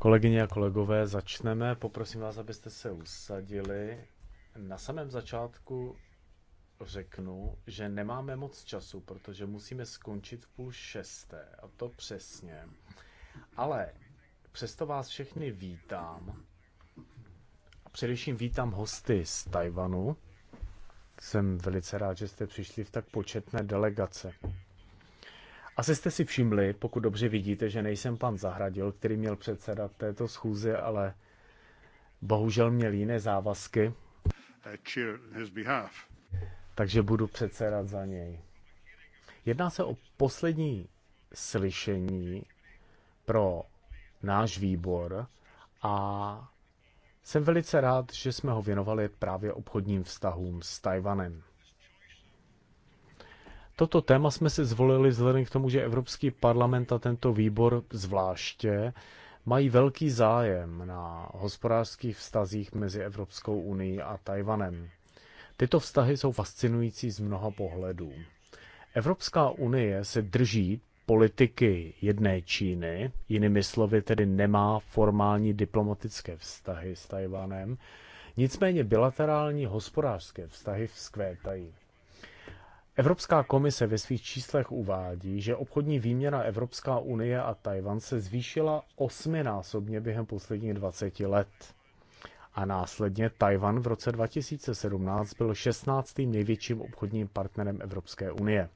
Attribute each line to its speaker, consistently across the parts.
Speaker 1: Kolegyně a kolegové, začneme. Poprosím vás, abyste se usadili. Na samém začátku řeknu, že nemáme moc času, protože musíme skončit v půl šesté, a to přesně. Ale přesto vás všechny vítám. A především vítám hosty z Tajvanu. Jsem velice rád, že jste přišli v tak početné delegace. Asi jste si všimli, pokud dobře vidíte, že nejsem pan Zahradil, který měl předsedat této schůzi, ale bohužel měl jiné závazky.
Speaker 2: Uh,
Speaker 1: Takže budu předsedat za něj. Jedná se o poslední slyšení pro náš výbor a jsem velice rád, že jsme ho věnovali právě obchodním vztahům s Tajvanem. Toto téma jsme si zvolili vzhledem k tomu, že Evropský parlament a tento výbor zvláště mají velký zájem na hospodářských vztazích mezi Evropskou unii a Tajvanem. Tyto vztahy jsou fascinující z mnoha pohledů. Evropská unie se drží politiky jedné Číny, jinými slovy tedy nemá formální diplomatické vztahy s Tajvanem, nicméně bilaterální hospodářské vztahy vzkvétají. Evropská komise ve svých číslech uvádí, že obchodní výměna Evropská unie a Tajvan se zvýšila osminásobně během posledních 20 let. A následně Tajvan v roce 2017 byl 16. největším obchodním partnerem Evropské unie.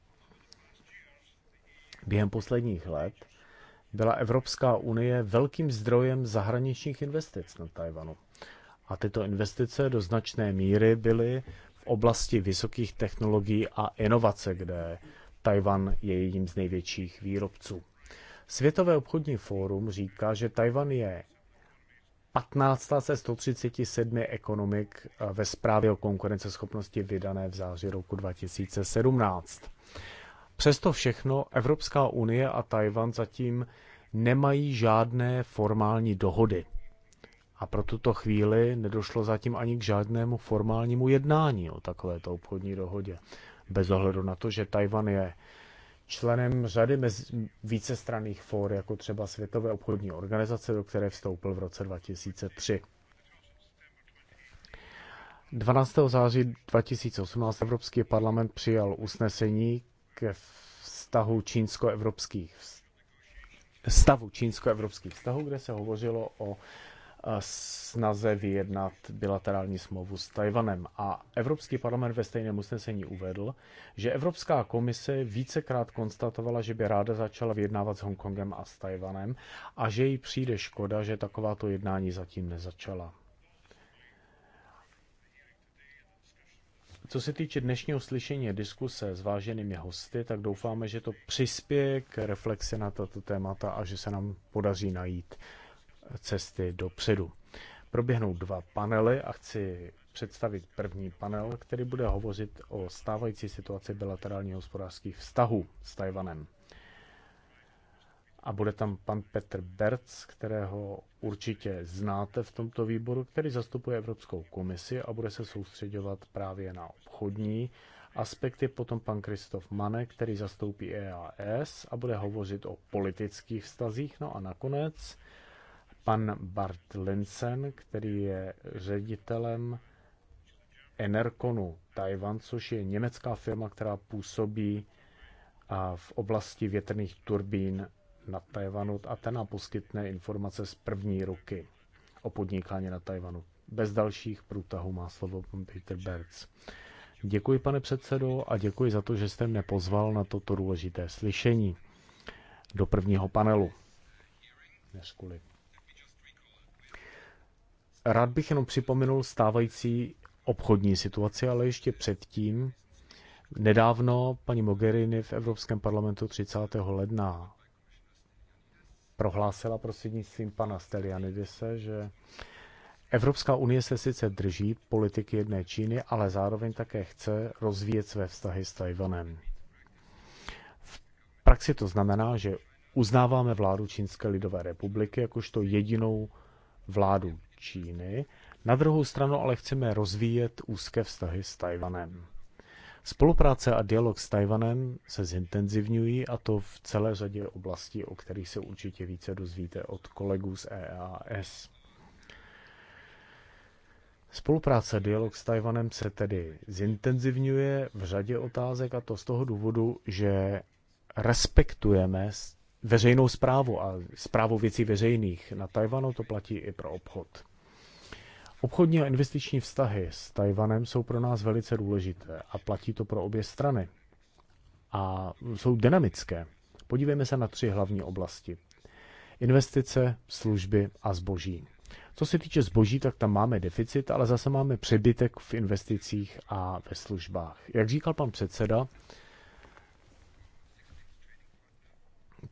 Speaker 1: Během posledních let byla Evropská unie velkým zdrojem zahraničních investic na Tajvanu. A tyto investice do značné míry byly v oblasti vysokých technologií a inovace, kde Tajvan je jedním z největších výrobců. Světové obchodní fórum říká, že Tajvan je 15. ze 137 ekonomik ve zprávě o konkurenceschopnosti vydané v září roku 2017. Přesto všechno Evropská unie a Tajvan zatím nemají žádné formální dohody. A pro tuto chvíli nedošlo zatím ani k žádnému formálnímu jednání o takovéto obchodní dohodě. Bez ohledu na to, že Tajvan je členem řady mez, vícestranných fór, jako třeba Světové obchodní organizace, do které vstoupil v roce 2003. 12. září 2018 Evropský parlament přijal usnesení ke vztahu čínsko-evropských stavu čínsko-evropských vztahů, kde se hovořilo o snaze vyjednat bilaterální smlouvu s Tajvanem. A Evropský parlament ve stejném usnesení uvedl, že Evropská komise vícekrát konstatovala, že by ráda začala vyjednávat s Hongkongem a s Tajvanem a že jí přijde škoda, že takováto jednání zatím nezačala. Co se týče dnešního slyšení a diskuse s váženými hosty, tak doufáme, že to přispěje k reflexi na tato témata a že se nám podaří najít cesty dopředu. Proběhnou dva panely a chci představit první panel, který bude hovořit o stávající situaci bilaterálních hospodářských vztahů s Tajvanem. A bude tam pan Petr Berc, kterého určitě znáte v tomto výboru, který zastupuje Evropskou komisi a bude se soustředovat právě na obchodní aspekty. Potom pan Kristof Mane, který zastoupí EAS a bude hovořit o politických vztazích. No a nakonec pan Bart Linsen, který je ředitelem Enerkonu Taiwan, což je německá firma, která působí v oblasti větrných turbín na Tajvanu a ten nám poskytne informace z první ruky o podnikání na Tajvanu. Bez dalších průtahů má slovo pan Peter Berz. Děkuji, pane předsedo, a děkuji za to, že jste mě pozval na toto důležité slyšení do prvního panelu. Než Rád bych jenom připomenul stávající obchodní situaci, ale ještě předtím. Nedávno paní Mogherini v Evropském parlamentu 30. ledna prohlásila prostřednictvím pana Stelianidise, že Evropská unie se sice drží politiky jedné Číny, ale zároveň také chce rozvíjet své vztahy s Tajvanem. V praxi to znamená, že uznáváme vládu Čínské lidové republiky jakožto jedinou vládu Číny, na druhou stranu ale chceme rozvíjet úzké vztahy s Tajvanem. Spolupráce a dialog s Tajvanem se zintenzivňují a to v celé řadě oblastí, o kterých se určitě více dozvíte od kolegů z EAS. Spolupráce a dialog s Tajvanem se tedy zintenzivňuje v řadě otázek a to z toho důvodu, že respektujeme veřejnou zprávu a zprávu věcí veřejných. Na Tajvanu to platí i pro obchod. Obchodní a investiční vztahy s Tajvanem jsou pro nás velice důležité a platí to pro obě strany. A jsou dynamické. Podívejme se na tři hlavní oblasti. Investice, služby a zboží. Co se týče zboží, tak tam máme deficit, ale zase máme přebytek v investicích a ve službách. Jak říkal pan předseda,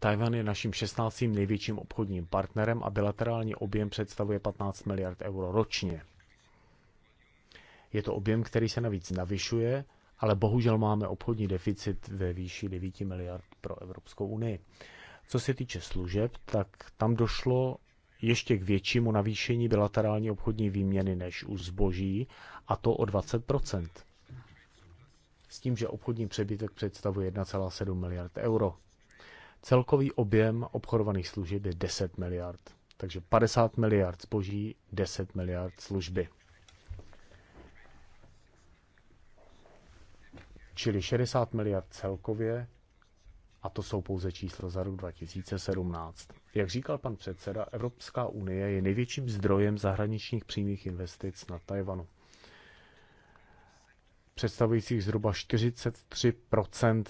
Speaker 1: Tajvan je naším 16. největším obchodním partnerem a bilaterální objem představuje 15 miliard euro ročně. Je to objem, který se navíc navyšuje, ale bohužel máme obchodní deficit ve výši 9 miliard pro Evropskou unii. Co se týče služeb, tak tam došlo ještě k většímu navýšení bilaterální obchodní výměny než u zboží, a to o 20 s tím, že obchodní přebytek představuje 1,7 miliard euro. Celkový objem obchodovaných služeb je 10 miliard. Takže 50 miliard zboží, 10 miliard služby. Čili 60 miliard celkově, a to jsou pouze čísla za rok 2017. Jak říkal pan předseda, Evropská unie je největším zdrojem zahraničních přímých investic na Tajvanu představujících zhruba 43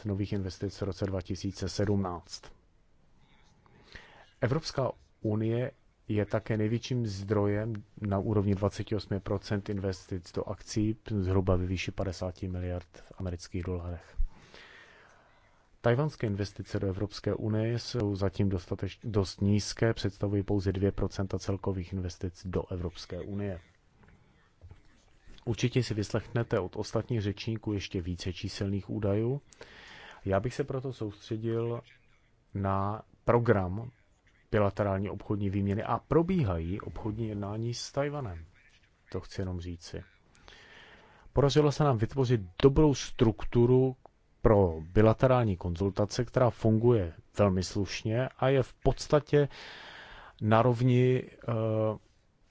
Speaker 1: nových investic v roce 2017. Evropská unie je také největším zdrojem na úrovni 28 investic do akcí, zhruba ve výši 50 miliard v amerických dolarech. Tajvanské investice do Evropské unie jsou zatím dostateč, dost nízké, představují pouze 2 celkových investic do Evropské unie. Určitě si vyslechnete od ostatních řečníků ještě více číselných údajů. Já bych se proto soustředil na program bilaterální obchodní výměny a probíhají obchodní jednání s Tajvanem. To chci jenom říci. Podařilo se nám vytvořit dobrou strukturu pro bilaterální konzultace, která funguje velmi slušně a je v podstatě na rovni eh,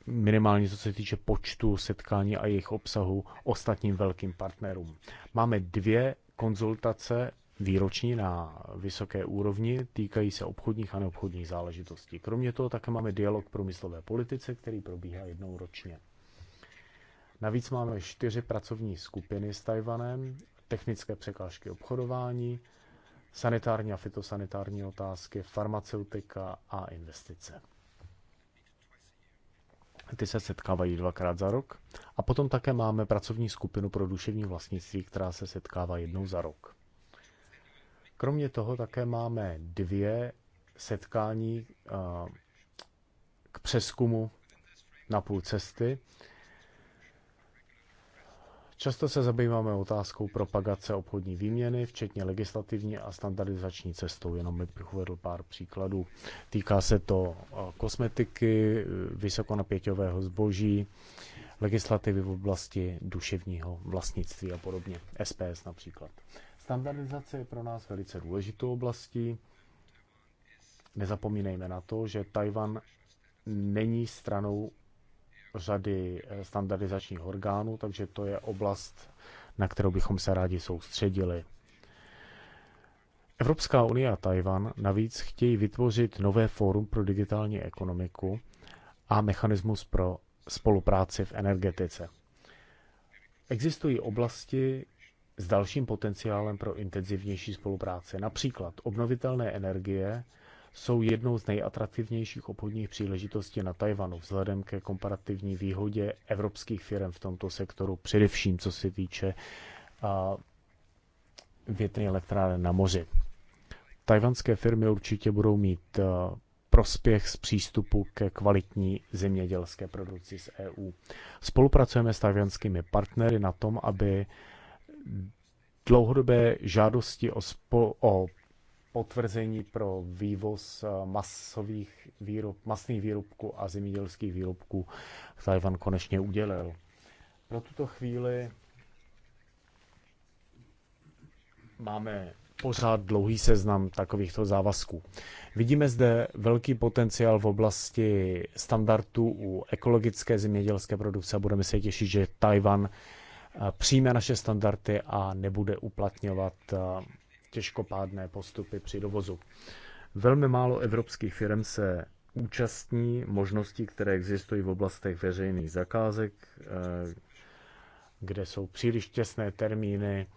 Speaker 1: minimálně co se týče počtu setkání a jejich obsahu ostatním velkým partnerům. Máme dvě konzultace výroční na vysoké úrovni, týkají se obchodních a neobchodních záležitostí. Kromě toho také máme dialog průmyslové politice, který probíhá jednou ročně. Navíc máme čtyři pracovní skupiny s Tajvanem, technické překážky obchodování, sanitární a fitosanitární otázky, farmaceutika a investice. Ty se setkávají dvakrát za rok. A potom také máme pracovní skupinu pro duševní vlastnictví, která se setkává jednou za rok. Kromě toho také máme dvě setkání k přeskumu na půl cesty. Často se zabýváme otázkou propagace obchodní výměny, včetně legislativní a standardizační cestou. Jenom bych uvedl pár příkladů. Týká se to eh, kosmetiky, eh, vysokonapěťového zboží, legislativy v oblasti duševního vlastnictví a podobně. SPS například. Standardizace je pro nás velice důležitou oblastí. Nezapomínejme na to, že Tajvan není stranou řady eh, standardizačních orgánů, takže to je oblast, na kterou bychom se rádi soustředili. Evropská unie a Tajvan navíc chtějí vytvořit nové fórum pro digitální ekonomiku a mechanismus pro spolupráci v energetice. Existují oblasti s dalším potenciálem pro intenzivnější spolupráci, například obnovitelné energie, jsou jednou z nejatraktivnějších obchodních příležitostí na Tajvanu vzhledem ke komparativní výhodě evropských firm v tomto sektoru, především co se týče větrné elektrárny na moři. Tajvanské firmy určitě budou mít prospěch z přístupu ke kvalitní zemědělské produkci z EU. Spolupracujeme s tajvanskými partnery na tom, aby dlouhodobé žádosti o, spo, o potvrzení pro vývoz eh, masových výrob, masných výrobků a zemědělských výrobků Tajvan konečně udělil. Pro tuto chvíli máme pořád dlouhý seznam takovýchto závazků. Vidíme zde velký potenciál v oblasti standardů u ekologické zemědělské produkce a budeme se těšit, že Tajvan eh, přijme naše standardy a nebude uplatňovat eh, těžkopádné postupy při dovozu. Velmi málo evropských firm se účastní možností, které existují v oblastech veřejných zakázek, eh, kde jsou příliš těsné termíny,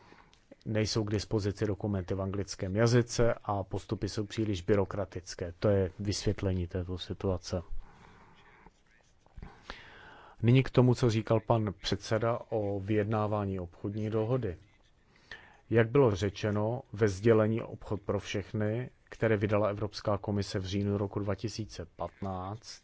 Speaker 1: nejsou k dispozici dokumenty v anglickém jazyce a postupy jsou příliš byrokratické. To je vysvětlení této situace. Nyní k tomu, co říkal pan předseda o vyjednávání obchodní dohody. Jak bylo řečeno ve sdělení Obchod pro všechny, které vydala Evropská komise v říjnu roku 2015,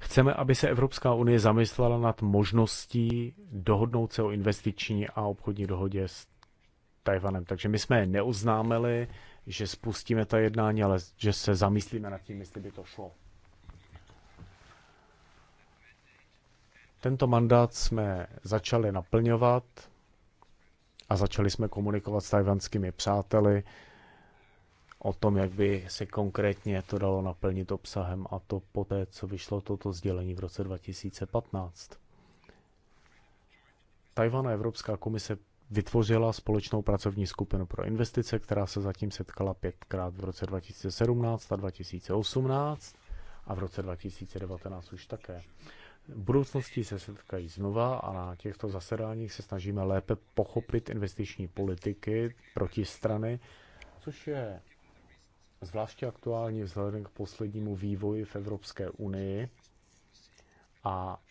Speaker 1: Chceme, aby se Evropská unie zamyslela nad možností dohodnout se o investiční a obchodní dohodě s Tajvanem. Takže my jsme neoznámili, že spustíme ta jednání, ale že se zamyslíme nad tím, jestli by to šlo. Tento mandát jsme začali naplňovat a začali jsme komunikovat s tajvanskými přáteli o tom, jak by se konkrétně to dalo naplnit obsahem a to poté, co vyšlo toto sdělení v roce 2015. Tajvan a Evropská komise vytvořila společnou pracovní skupinu pro investice, která se zatím setkala pětkrát v roce 2017 a 2018 a v roce 2019 už také. V budoucnosti se setkají znova a na těchto zasedáních se snažíme lépe pochopit investiční politiky protistrany, což je zvláště aktuální vzhledem k poslednímu vývoji v Evropské unii a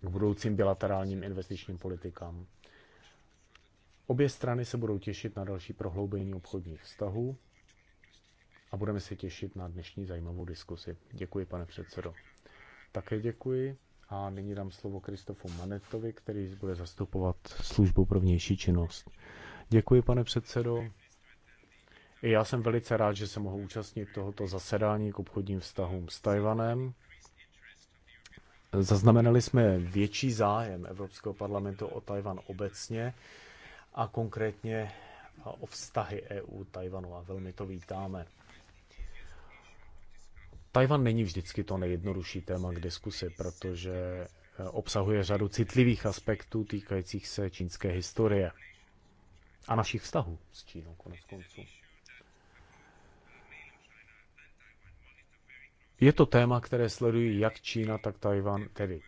Speaker 1: k budoucím bilaterálním investičním politikám. Obě strany se budou těšit na další prohloubení obchodních vztahů a budeme se těšit na dnešní zajímavou diskusi. Děkuji, pane předsedo. Také děkuji. A nyní dám slovo Kristofu Manetovi, který bude zastupovat službu pro vnější činnost. Děkuji, pane předsedo. I já jsem velice rád, že se mohu účastnit tohoto zasedání k obchodním vztahům s Tajvanem. Zaznamenali jsme větší zájem Evropského parlamentu o Tajvan obecně a konkrétně o vztahy EU-Tajvanu a velmi to vítáme. Tajvan není vždycky to nejjednodušší téma k diskusi, protože eh, obsahuje řadu citlivých aspektů týkajících se čínské historie a našich vztahů s Čínou konec konců. Je to téma, které sledují jak Čína, tak Tajvan, tedy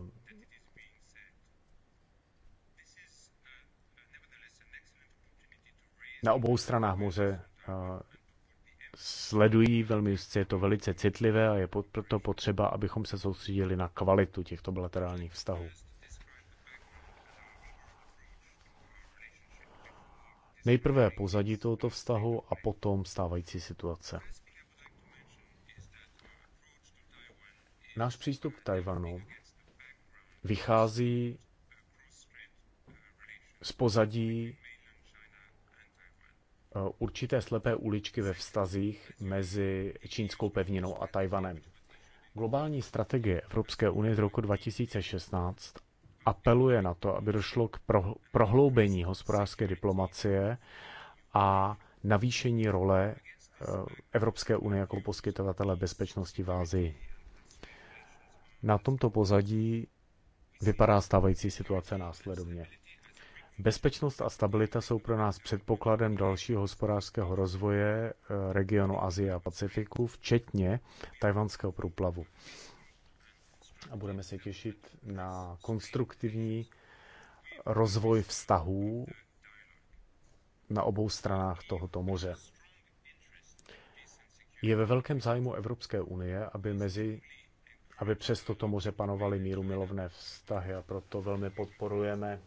Speaker 1: um, na obou stranách moře eh, sledují velmi úzce, je to velice citlivé a je proto potřeba, abychom se soustředili na kvalitu těchto bilaterálních vztahů. Nejprve pozadí tohoto vztahu a potom stávající situace. Náš přístup k Tajvanu vychází z pozadí určité slepé uličky ve vztazích mezi čínskou pevninou a Tajvanem. Globální strategie Evropské unie z roku 2016 apeluje na to, aby došlo k prohloubení hospodářské diplomacie a navýšení role eh, Evropské unie jako poskytovatele bezpečnosti v Ázii. Na tomto pozadí vypadá stávající situace následovně. Bezpečnost a stabilita jsou pro nás předpokladem dalšího hospodářského rozvoje eh, regionu Azie a Pacifiku, včetně tajvanského průplavu. A budeme se těšit na konstruktivní rozvoj vztahů na obou stranách tohoto moře. Je ve velkém zájmu Evropské unie, aby mezi aby přes toto moře panovaly míru milovné vztahy a proto velmi podporujeme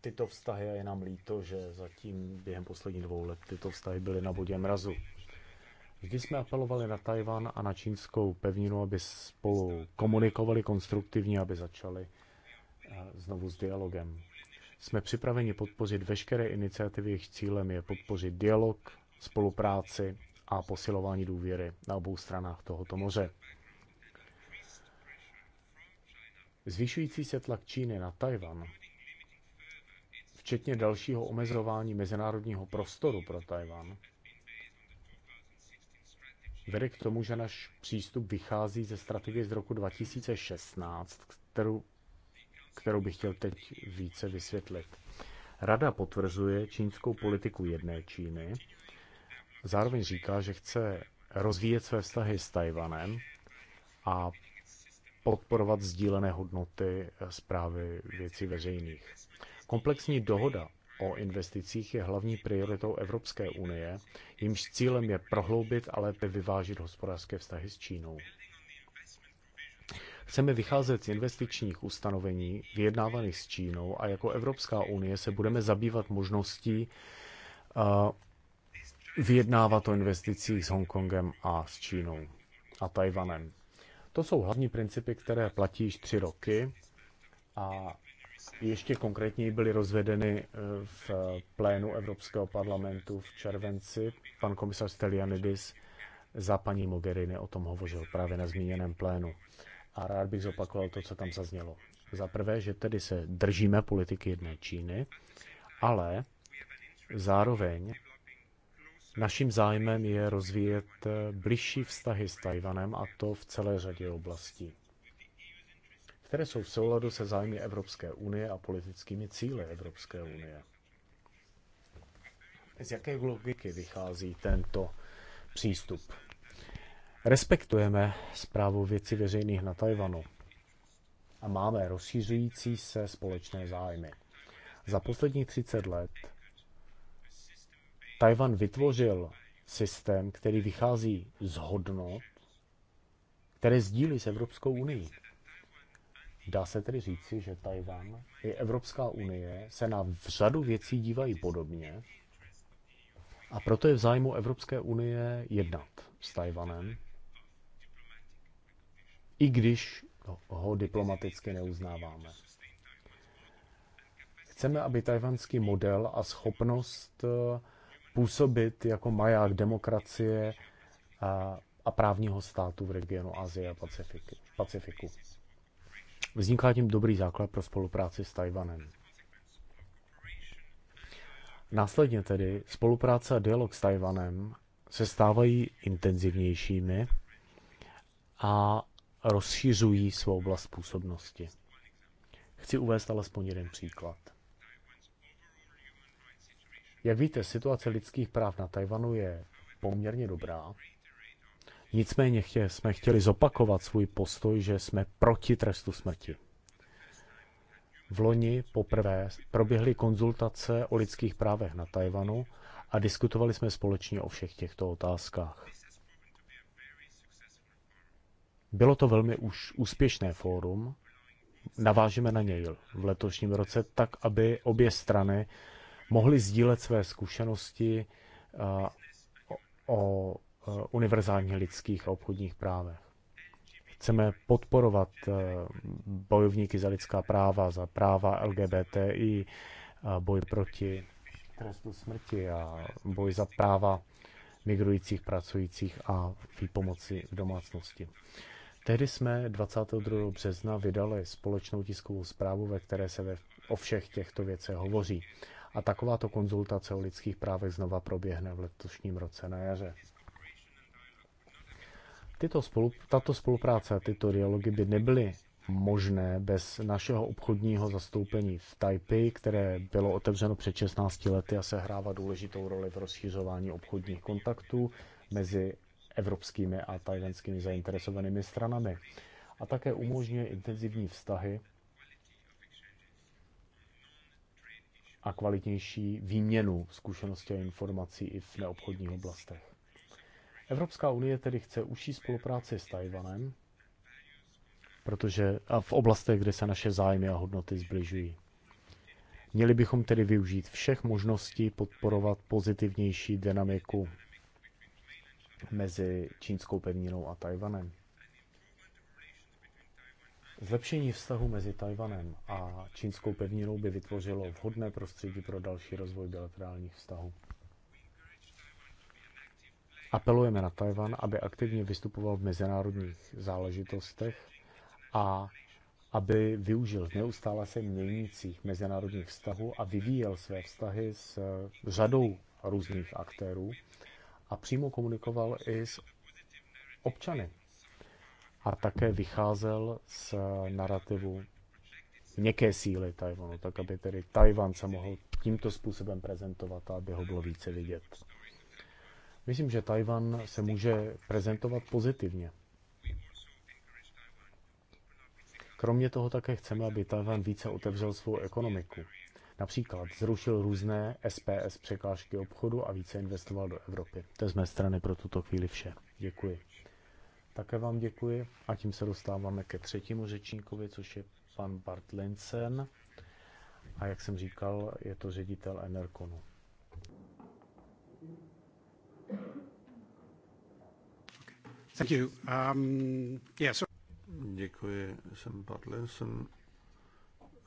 Speaker 1: tyto vztahy a je nám líto, že zatím během posledních dvou let tyto vztahy byly na bodě mrazu. Vždy jsme apelovali na Tajvan a na čínskou pevninu, aby spolu komunikovali konstruktivně, aby začali eh, znovu s dialogem. Jsme připraveni podpořit veškeré iniciativy, jejich cílem je podpořit dialog, spolupráci a posilování důvěry na obou stranách tohoto moře. Zvyšující se tlak Číny na Tajvan včetně dalšího omezování mezinárodního prostoru pro Tajvan, vede k tomu, že náš přístup vychází ze strategie z roku 2016, kterou, kterou bych chtěl teď více vysvětlit. Rada potvrzuje čínskou politiku jedné Číny, zároveň říká, že chce rozvíjet své vztahy s Tajvanem a podporovat sdílené hodnoty zprávy věcí veřejných. Komplexní dohoda o investicích je hlavní prioritou Evropské unie, jimž cílem je prohloubit a lépe vyvážit hospodářské vztahy s Čínou. Chceme vycházet z investičních ustanovení vyjednávaných s Čínou a jako Evropská unie se budeme zabývat možností eh, vyjednávat o investicích s Hongkongem a s Čínou a Tajvanem. To jsou hlavní principy, které platí již tři roky a ještě konkrétněji byly rozvedeny e, v plénu Evropského parlamentu v červenci. Pan komisař Stelianidis za paní Mogherini o tom hovořil právě na zmíněném plénu. A rád bych zopakoval to, co tam zaznělo. Za prvé, že tedy se držíme politiky jedné Číny, ale zároveň naším zájmem je rozvíjet e, bližší vztahy s Tajvanem a to v celé řadě oblastí které jsou v souladu se zájmy Evropské unie a politickými cíly Evropské unie. Z jaké logiky vychází tento přístup? Respektujeme zprávu věcí veřejných na Tajvanu a máme rozšířující se společné zájmy. Za posledních 30 let Tajvan vytvořil systém, který vychází z hodnot, které sdílí s Evropskou unii. Dá se tedy říci, že Tajván i Evropská unie se na řadu věcí dívají podobně a proto je v zájmu Evropské unie jednat s Tajvanem, i když ho diplomaticky neuznáváme. Chceme, aby tajvanský model a schopnost eh, působit jako maják demokracie a, a právního státu v regionu Asie a Pacifiku. Vzniká tím dobrý základ pro spolupráci s Tajvanem. Následně tedy spolupráce a dialog s Tajvanem se stávají intenzivnějšími a rozšiřují svou oblast působnosti. Chci uvést alespoň jeden příklad. Jak víte, situace lidských práv na Tajvanu je poměrně dobrá Nicméně chtě, jsme chtěli zopakovat svůj postoj, že jsme proti trestu smrti. V loni poprvé proběhly konzultace o lidských právech na Tajvanu a diskutovali jsme společně o všech těchto otázkách. Bylo to velmi už úspěšné fórum. Navážeme na něj v letošním roce tak, aby obě strany mohly sdílet své zkušenosti o Eh, univerzálních lidských a obchodních právech. Chceme podporovat eh, bojovníky za lidská práva, za práva LGBT i eh, boj proti trestu smrti a boj za práva migrujících, pracujících a výpomoci v domácnosti. Tehdy jsme 22. března vydali společnou tiskovou zprávu, ve které se ve, o všech těchto věcech hovoří. A takováto konzultace o lidských právech znova proběhne v letošním roce na jaře. Tyto spolu, tato spolupráce, tyto dialogy by nebyly možné bez našeho obchodního zastoupení v Taipei, které bylo otevřeno před 16 lety a sehrává důležitou roli v rozšířování obchodních kontaktů mezi evropskými a tajvanskými zainteresovanými stranami. A také umožňuje intenzivní vztahy a kvalitnější výměnu zkušeností a informací i v neobchodních oblastech. Evropská unie tedy chce užší spolupráci s Tajvanem, protože a v oblastech, kde se naše zájmy a hodnoty zbližují. Měli bychom tedy využít všech možností podporovat pozitivnější dynamiku mezi čínskou pevninou a Tajvanem. Zlepšení vztahu mezi Tajvanem a čínskou pevninou by vytvořilo vhodné prostředí pro další rozvoj bilaterálních vztahů. Apelujeme na Tajvan, aby aktivně vystupoval v mezinárodních záležitostech a aby využil neustále se měnících mezinárodních vztahů a vyvíjel své vztahy s řadou různých aktérů a přímo komunikoval i s občany. A také vycházel z narrativu měkké síly Tajvanu, tak aby tedy Tajvan se mohl tímto způsobem prezentovat a aby ho bylo více vidět. Myslím, že Tajvan se může prezentovat pozitivně. Kromě toho také chceme, aby Tajvan více otevřel svou ekonomiku. Například zrušil různé SPS překážky obchodu a více investoval do Evropy. To je z mé strany pro tuto chvíli vše. Děkuji. Také vám děkuji a tím se dostáváme ke třetímu řečníkovi, což je pan Bart Linsen. A jak jsem říkal, je to ředitel Enerkonu.
Speaker 2: Thank you. Um, yeah, so... Děkuji, jsem Pat Linson.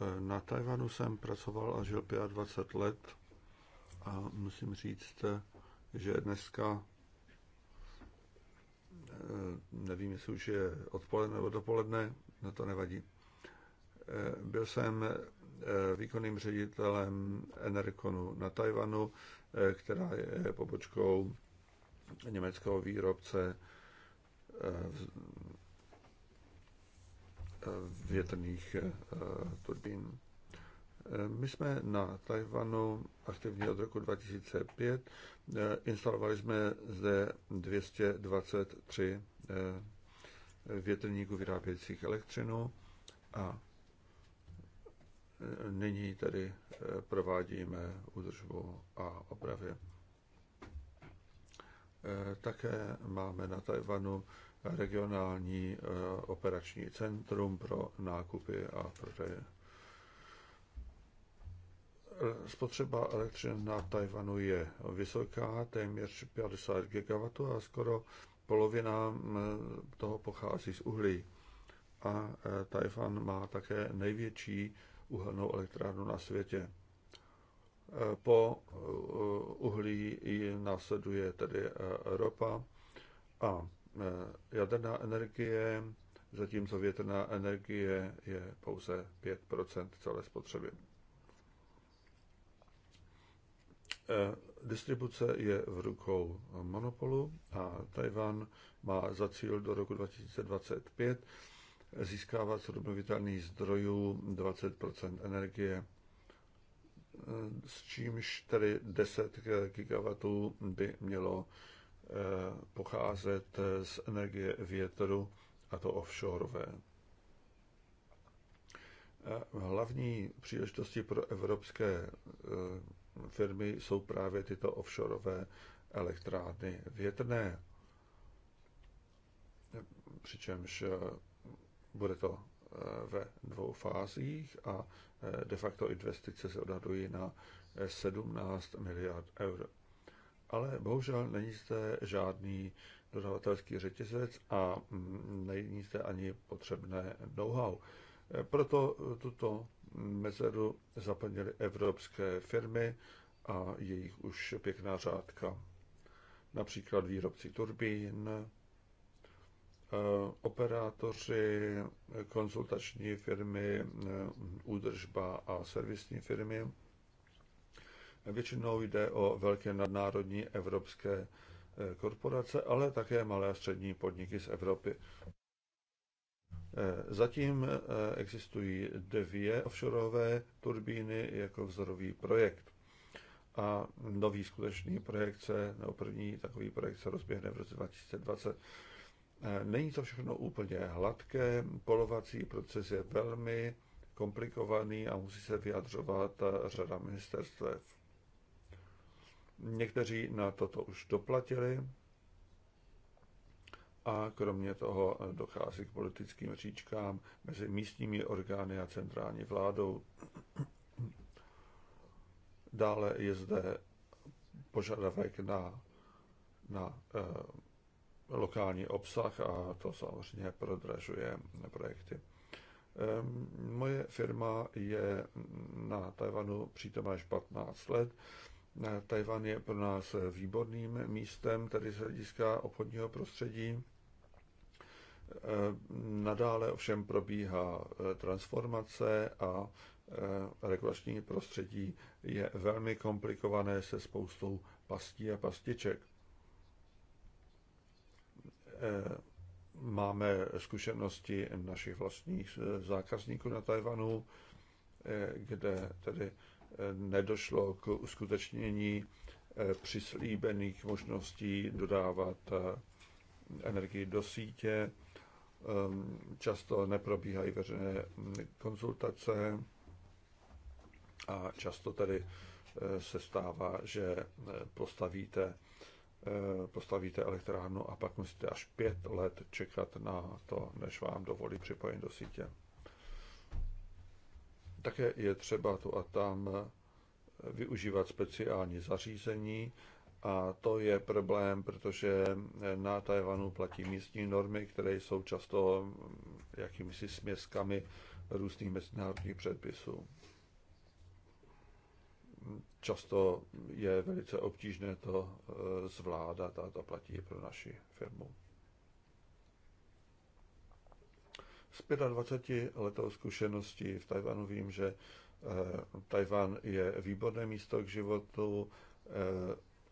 Speaker 2: Eh, na Tajvanu jsem pracoval a žil 25 let a musím říct, eh, že dneska eh, nevím, jestli už je odpoledne nebo dopoledne, no to nevadí. Byl jsem výkonným ředitelem Enerkonu na Tajvanu, která je pobočkou německého výrobce větrných eh, turbín. Eh, my jsme na Tajvanu aktivní od roku 2005. Eh, instalovali jsme zde 223 větrníků vyrábějících elektřinu a nyní tedy provádíme údržbu a opravy. Eh, také máme na Tajvanu regionální eh, operační centrum pro nákupy a prodeje. Eh, spotřeba elektřiny na Tajvanu je vysoká, téměř 50 GW a skoro polovina mm, toho pochází z uhlí. A Tajvan má také největší uhelnou elektrárnu na světě. Po eh, uhlí následuje tedy eh, ropa a eh, jaderná energie, zatímco větrná energie je pouze 5 celé spotřeby. Distribuce je v rukou monopolu a Tajvan má za cíl do roku 2025 získávat z obnovitelných zdrojů 20 energie s čímž tedy 10 gigawatů by mělo eh, pocházet eh, z energie větru, a to offshore. Eh, hlavní příležitosti pro evropské firmy jsou právě tyto offshore elektrárny větrné, přičemž bude to Eh, ve dvou fázích a eh, de facto investice se odhadují na 17 eh, miliard eur. Ale bohužel není zde žádný dodavatelský řetězec a mm, není zde ani potřebné know-how. Proto tuto mezeru zaplnily evropské firmy a jejich už pěkná řádka. Například výrobci turbín, Eh, operátoři, konzultační firmy, eh, údržba a servisní firmy. Většinou jde o velké nadnárodní evropské eh, korporace, ale také malé a střední podniky z Evropy. Zatím existují dvě offshoreové turbíny jako vzorový projekt. A nový skutečný projekt se, nebo první takový projekt se rozběhne v roce 2020. Eh, není to všechno úplně hladké, polovací proces je velmi komplikovaný a musí se vyjadřovat eh, řada ministerstev. Někteří na toto už doplatili a kromě toho eh, dochází k politickým říčkám mezi místními orgány a centrální vládou. Dále je zde požadavek na, na lokální obsah a to samozřejmě prodražuje projekty. Moje firma je na Tajvanu přítomná až 15 let. Tajvan je pro nás výborným místem, tedy z hlediska obchodního prostředí. Nadále ovšem probíhá e, transformace a e, regulační prostředí je velmi komplikované se spoustou pastí a pastiček. Eh, máme zkušenosti našich vlastních eh, zákazníků na Tajvanu, eh, kde tedy nedošlo k uskutečnění přislíbených možností dodávat energii do sítě. Ehm, často neprobíhají veřejné hm, konzultace a často tedy se stává, že postavíte Eh, postavíte elektrárnu a pak musíte až pět let čekat na to, než vám dovolí připojení do sítě. Také je třeba tu a tam eh, využívat speciální zařízení a to je problém, protože eh, na Tajvanu platí místní normy, které jsou často mm, jakýmisi směskami různých mezinárodních předpisů často je velice obtížné to eh, zvládat a to platí i pro naši firmu. Z 25 letou zkušeností v Tajvanu vím, že eh, Tajvan je výborné místo k životu, eh,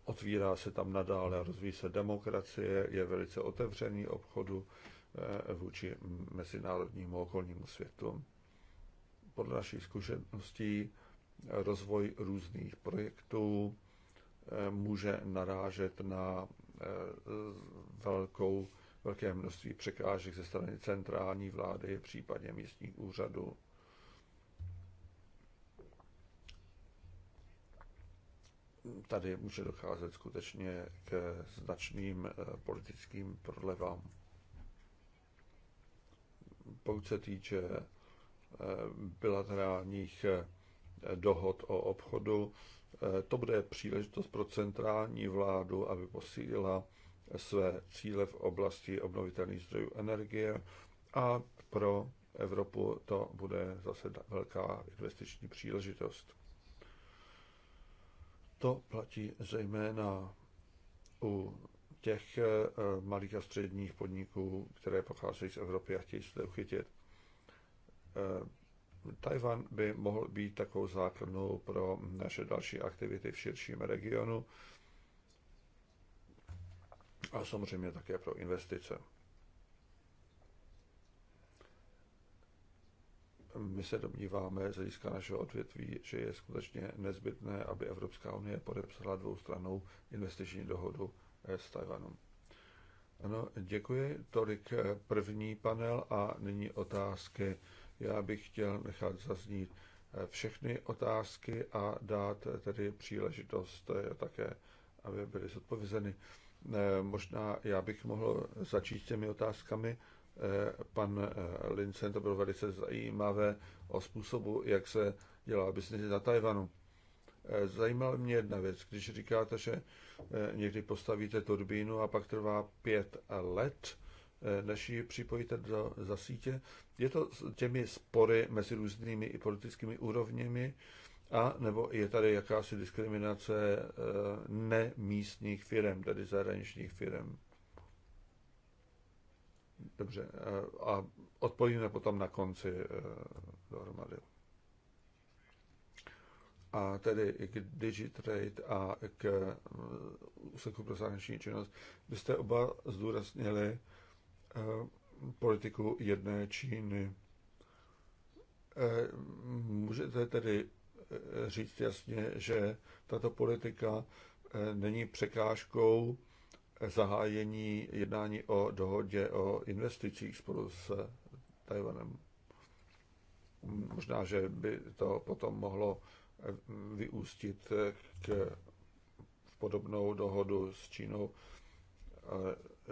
Speaker 2: otvírá se tam nadále, rozvíjí se demokracie, je velice otevřený obchodu vůči mezinárodnímu okolnímu světu. Podle našich zkušeností rozvoj různých projektů eh, může narážet na eh, velkou, velké množství překážek ze strany centrální vlády, případně místních úřadů. Tady může docházet skutečně k značným eh, politickým prolevám Pokud se týče bilaterálních dohod o obchodu. Eh, to bude příležitost pro centrální vládu, aby posílila své cíle v oblasti obnovitelných zdrojů energie a pro Evropu to bude zase velká investiční příležitost. To platí zejména u těch eh, malých a středních podniků, které pocházejí z Evropy a chtějí se uchytit. Eh, Tajvan by mohl být takovou základnou pro naše další aktivity v širším regionu a samozřejmě také pro investice. My se domníváme z hlediska našeho odvětví, že je skutečně nezbytné, aby Evropská unie podepsala dvoustranou investiční dohodu eh, s Tajvanem. Ano, děkuji. Tolik eh, první panel a nyní otázky já bych chtěl nechat zaznít eh, všechny otázky a dát eh, tedy příležitost také, aby byly zodpovězeny. Eh, možná já bych mohl začít těmi otázkami. Pan Lincent, to bylo velice zajímavé o způsobu, jak se dělá biznis na Tajvanu. Zajímala mě jedna věc, když říkáte, že někdy postavíte turbínu a pak trvá pět let, Eh, než ji připojíte do, za sítě. Je to těmi spory mezi různými i politickými úrovněmi, a nebo je tady jakási diskriminace eh, nemístních firm, tedy zahraničních firm. Dobře, eh, a odpovíme potom na konci dohromady. A tedy k Digitrade a k úseku pro zahraniční činnost. Vy jste oba zdůraznili, Eh, politiku jedné Číny. Eh, můžete tedy eh, říct jasně, že tato politika není překážkou zahájení jednání o dohodě o investicích spolu s Tajvanem. Možná, že by to potom mohlo vyústit k podobnou dohodu s Čínou,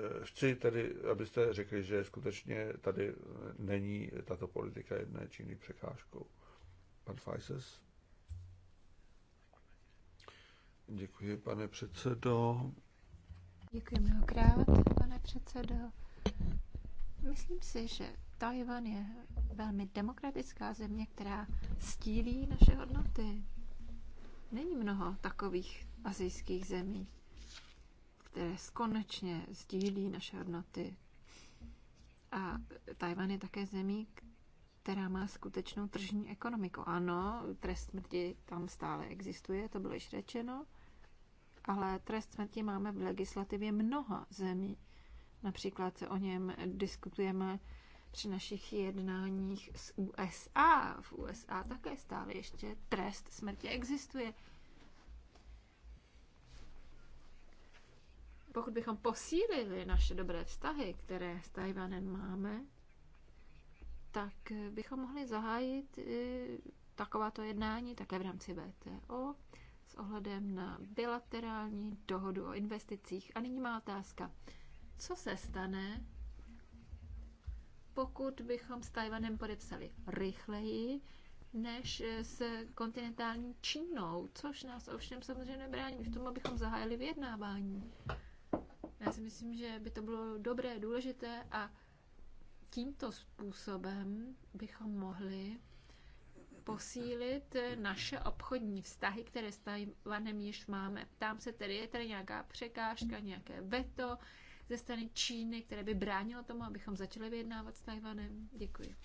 Speaker 2: Eh, chci tedy, abyste řekli, že skutečně tady eh, není tato politika jedné Číny překážkou. Pan Fajses? Děkuji, pane předsedo.
Speaker 3: Děkuji mnohokrát, pane předsedo. Myslím si, že Tajvan je velmi demokratická země, která stílí naše hodnoty. Není mnoho takových azijských zemí které skonečně sdílí naše hodnoty. A Tajvan je také zemí, která má skutečnou tržní ekonomiku. Ano, trest smrti tam stále existuje, to bylo již řečeno, ale trest smrti máme v legislativě mnoha zemí. Například se o něm diskutujeme při našich jednáních s USA. V USA také stále ještě trest smrti existuje. Pokud bychom posílili naše dobré vztahy, které s Tajvanem máme, tak bychom mohli zahájit eh, takováto jednání také v rámci VTO s ohledem na bilaterální dohodu o investicích. A nyní má otázka. Co se stane, pokud bychom s Tajvanem podepsali rychleji než s kontinentální Čínou, což nás ovšem samozřejmě nebrání v tom, abychom zahájili vyjednávání. Já si myslím, že by to bylo dobré, důležité a tímto způsobem bychom mohli posílit naše obchodní vztahy, které s Tajvanem již máme. Tam se tedy, je tady nějaká překážka, nějaké veto ze strany Číny, které by bránilo tomu, abychom začali vyjednávat s Tajvanem? Děkuji.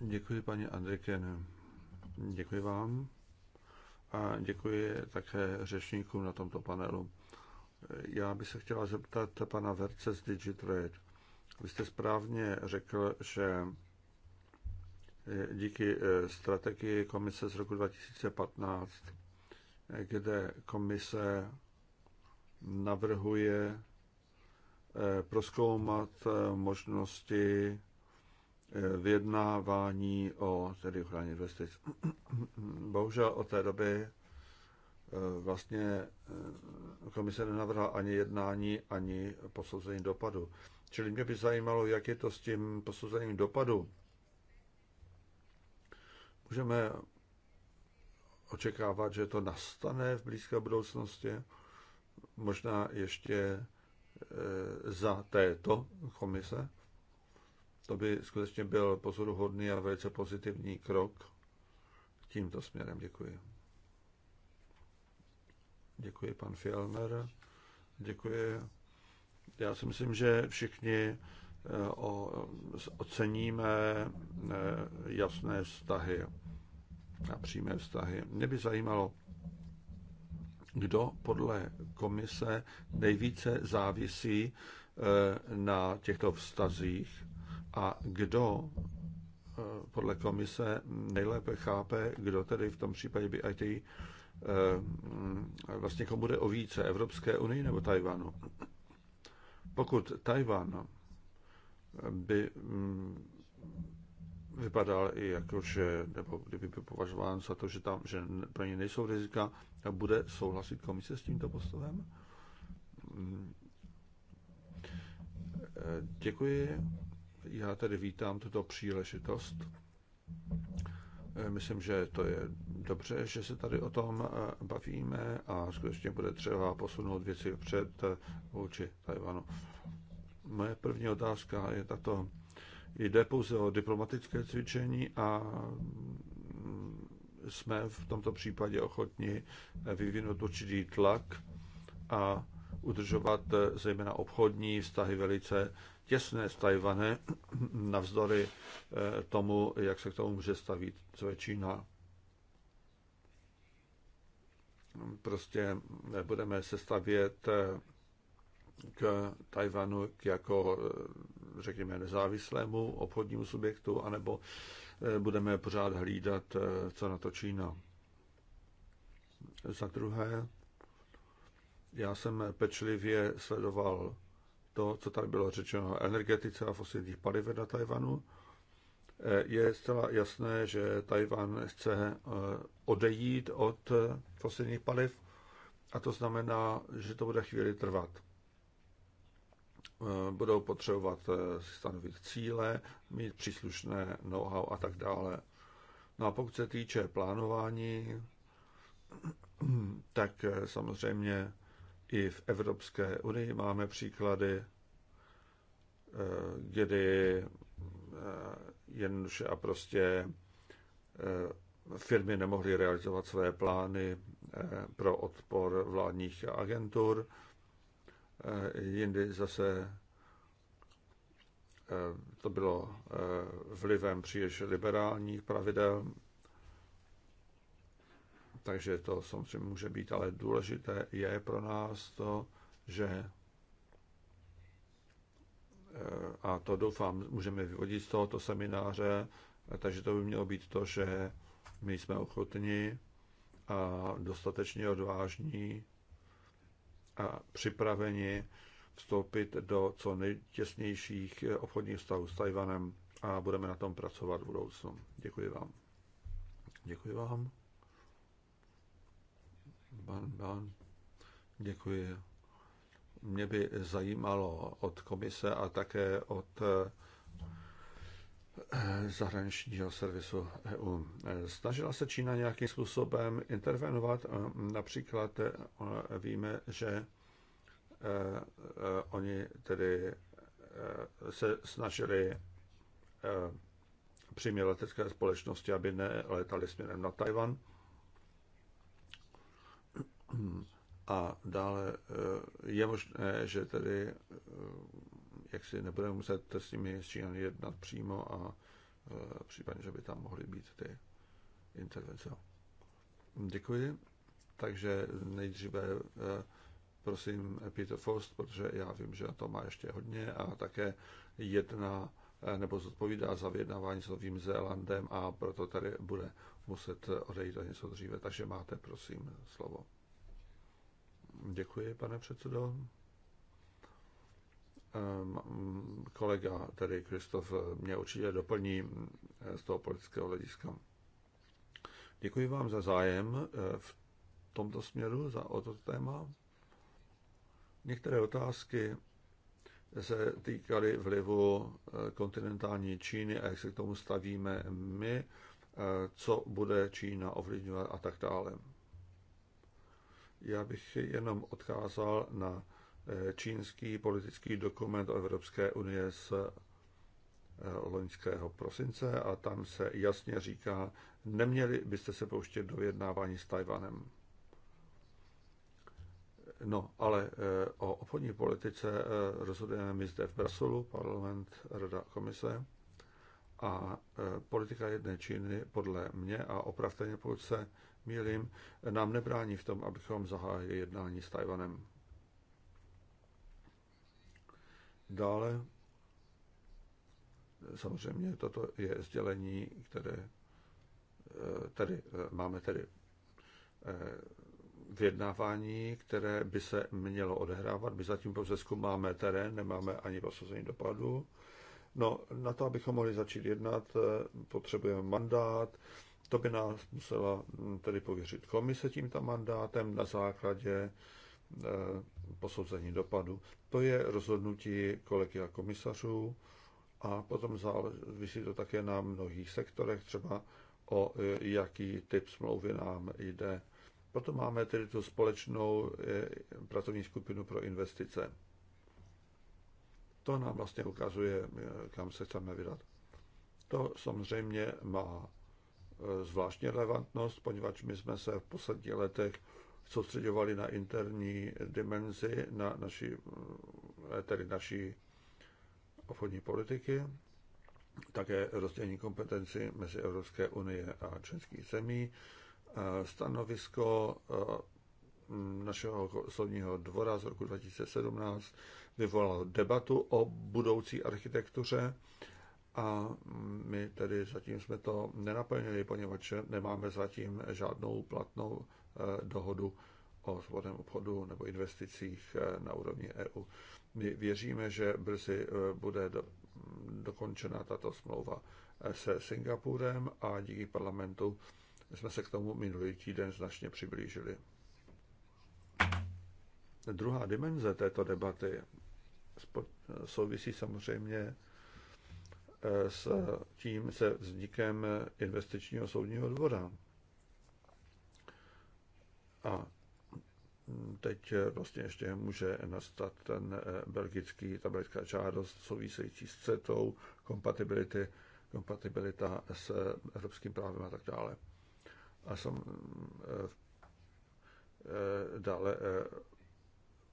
Speaker 2: Děkuji, paní Andriken. Děkuji vám a děkuji také řečníkům na tomto panelu. Já bych se chtěla zeptat pana Verce z Digitrade. Vy jste správně řekl, že eh, díky eh, strategii komise z roku 2015, eh, kde komise navrhuje proskoumat možnosti vyjednávání o tedy ochraně investic. Bohužel od té doby Eh, vlastně eh, komise nenavrhla ani jednání, ani posouzení dopadu. Čili mě by zajímalo, jak je to s tím posouzením dopadu. Můžeme očekávat, že to nastane v blízké budoucnosti, možná ještě eh, za této komise. To by skutečně byl pozoruhodný a velice pozitivní krok tímto směrem. Děkuji. Děkuji, pan Fielner. Děkuji. Já si myslím, že všichni eh, oceníme eh, jasné vztahy a přímé vztahy. Mě by zajímalo, kdo podle komise nejvíce závisí eh, na těchto vztazích a kdo podle komise nejlépe chápe, kdo tedy v tom případě by IT Eh, mm, vlastně komu bude o více, Evropské unii nebo Tajvanu. Pokud Tajvan by mm, vypadal i jako, že, nebo kdyby by považován za to, že tam, že pro ně nejsou rizika, bude souhlasit komise s tímto postavem? Mm. Eh, děkuji. Já tedy vítám tuto příležitost Eh, myslím, že to je dobře, že se tady o tom eh, bavíme a skutečně bude třeba posunout věci před eh, vůči Tajvanu. Moje první otázka je tato. Jde pouze o diplomatické cvičení a mm, jsme v tomto případě ochotni vyvinout určitý tlak a udržovat zejména obchodní vztahy velice těsné s Tajvanem, navzdory eh, tomu, jak se k tomu může stavit co je Čína. Prostě eh, budeme se stavět eh, k Tajvanu k jako, řekněme, nezávislému obchodnímu subjektu, anebo budeme pořád hlídat, co na to Čína. Za druhé, já jsem pečlivě sledoval to, co tady bylo řečeno o energetice a fosilních palivech na Tajvanu, eh, je zcela jasné, že Tajvan chce eh, odejít od eh, fosilních paliv a to znamená, že to bude chvíli trvat. Budou potřebovat stanovit cíle, mít příslušné know-how a tak dále. No a pokud se týče plánování, tak samozřejmě i v Evropské unii máme příklady, eh, kdy eh, jednoduše a prostě eh, firmy nemohly realizovat své plány pro odpor vládních agentur. Jindy zase to bylo vlivem příliš liberálních pravidel takže to samozřejmě může být, ale důležité je pro nás to, že eh, a to doufám, můžeme vyvodit z tohoto semináře, eh, takže to by mělo být to, že my jsme ochotni a dostatečně odvážní a připraveni vstoupit do co nejtěsnějších obchodních vztahů s Tajvanem a budeme na tom pracovat v budoucnu. Děkuji vám. Děkuji vám. Ban, ban. Děkuji. Mě by zajímalo od komise a také od eh, zahraničního servisu EU. Snažila se Čína nějakým způsobem intervenovat? Eh, například eh, víme, že oni tedy se snažili přimět letecké společnosti, aby nelétali směrem na Tajvan. Hmm. A dále eh, je možné, že tedy eh, jak si nebudeme muset s nimi Číňany jednat přímo a eh, případně, že by tam mohly být ty intervence. Děkuji. Takže nejdříve prosím Peter Faust, protože já vím, že to má ještě hodně a také jedna nebo zodpovídá za vyjednávání s Novým Zélandem a proto tady bude muset odejít o něco dříve. Takže máte, prosím, slovo. Děkuji, pane předsedo. Ehm, kolega, tedy Kristof, mě určitě doplní eh, z toho politického hlediska. Děkuji vám za zájem eh, v tomto směru, za toto téma. Některé otázky se týkaly vlivu eh, kontinentální Číny a jak se k tomu stavíme my, co bude Čína ovlivňovat a tak dále. Já bych jenom odkázal na eh, čínský politický dokument o Evropské unie z eh, loňského prosince a tam se jasně říká, neměli byste se pouštět do vyjednávání s Tajvanem. No, ale eh, o obchodní politice rozhodujeme my zde v Bruselu, parlament, rada, komise. A politika jedné Číny podle mě, a mě, pokud se mílim, nám nebrání v tom, abychom zahájili jednání s Tajvanem. Dále, samozřejmě toto je sdělení, které eh, tady eh, máme tedy eh, vyjednávání, které by se mělo odehrávat. My zatím pouze zkoumáme terén, nemáme ani posazení dopadu. No, na to, abychom mohli začít jednat, potřebujeme mandát, to by nás musela mm, tedy pověřit komise tímto mandátem na základě e, posouzení dopadu. To je rozhodnutí kolegy a komisařů a potom závisí to také na mnohých sektorech, třeba o e, jaký typ smlouvy nám jde. Proto máme tedy tu společnou e, pracovní skupinu pro investice. To nám vlastně ukazuje, kam se chceme vydat. To samozřejmě má E, zvláštní relevantnost, poněvadž my jsme se v posledních letech soustředovali na interní dimenzi, na naší e, tedy naší obchodní politiky, také rozdělení kompetenci mezi Evropské unie a členských zemí, e, stanovisko našeho soudního dvora z roku 2017 vyvolalo debatu o budoucí architektuře a my tedy zatím jsme to nenaplnili, poněvadž nemáme zatím žádnou platnou eh, dohodu o svobodném obchodu nebo investicích eh, na úrovni EU. My věříme, že brzy eh, bude dokončena tato smlouva se Singapurem a díky parlamentu jsme se k tomu minulý týden značně přiblížili. Druhá dimenze této debaty souvisí samozřejmě s tím, se vznikem investičního soudního dvora. A teď vlastně ještě může nastat ten eh, belgický, ta belgická žádost související s CETou, kompatibility, kompatibilita s evropským právem a tak dále. A jsem eh, dále eh,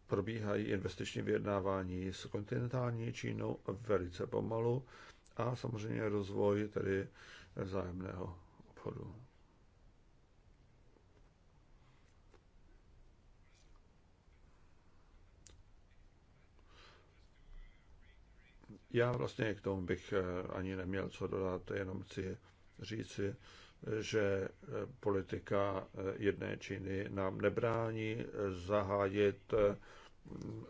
Speaker 2: probíhají investiční vyjednávání s kontinentální Čínou velice pomalu a samozřejmě rozvoj tedy vzájemného obchodu. Já vlastně k tomu bych eh, ani neměl co dodat, jenom chci říci, že eh, politika eh, jedné Číny nám nebrání zahájit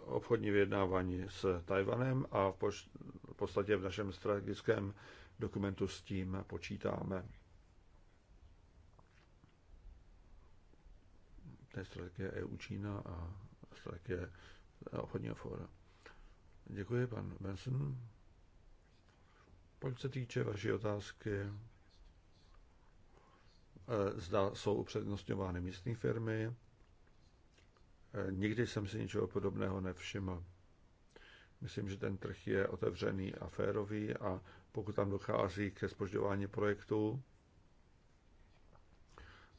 Speaker 2: obchodní vyjednávání s Tajvanem a podstatě v našem strategickém dokumentu s tím počítáme. To je strategie EU Čína a strategie obchodního fóra. Děkuji, pan Benson. Pokud se týče vaší otázky, eh, zda jsou upřednostňovány místní firmy, eh, nikdy jsem si ničeho podobného nevšiml. Myslím, že ten trh je otevřený a férový a pokud tam dochází ke spožďování projektů,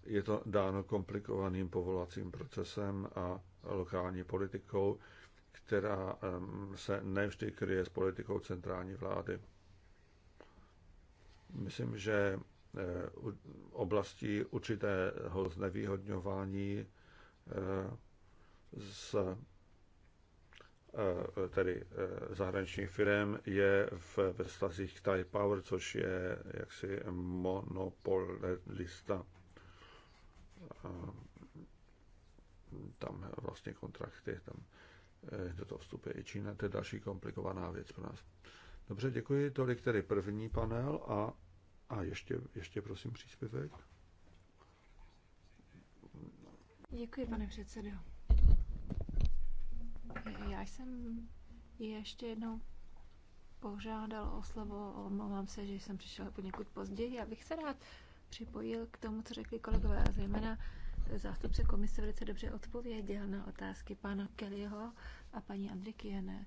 Speaker 2: je to dáno komplikovaným povolacím procesem a lokální politikou, která se nevždy kryje s politikou centrální vlády. Myslím, že eh, oblastí určitého znevýhodňování z eh, E, tedy e, zahraničních firm je v, ve Thai Power, což je jaksi monopolista. Tam vlastně kontrakty, tam e, do toho vstupuje i Čína, to je další komplikovaná věc pro nás. Dobře, děkuji. Tolik tedy první panel a, a ještě, ještě prosím příspěvek.
Speaker 3: Děkuji, pane předsedo. Já jsem ještě jednou požádal o slovo, omlouvám se, že jsem přišel poněkud později. Já bych se rád připojil k tomu, co řekli kolegové, a zejména zástupce komise velice dobře odpověděl na otázky pana Kellyho a paní Jene,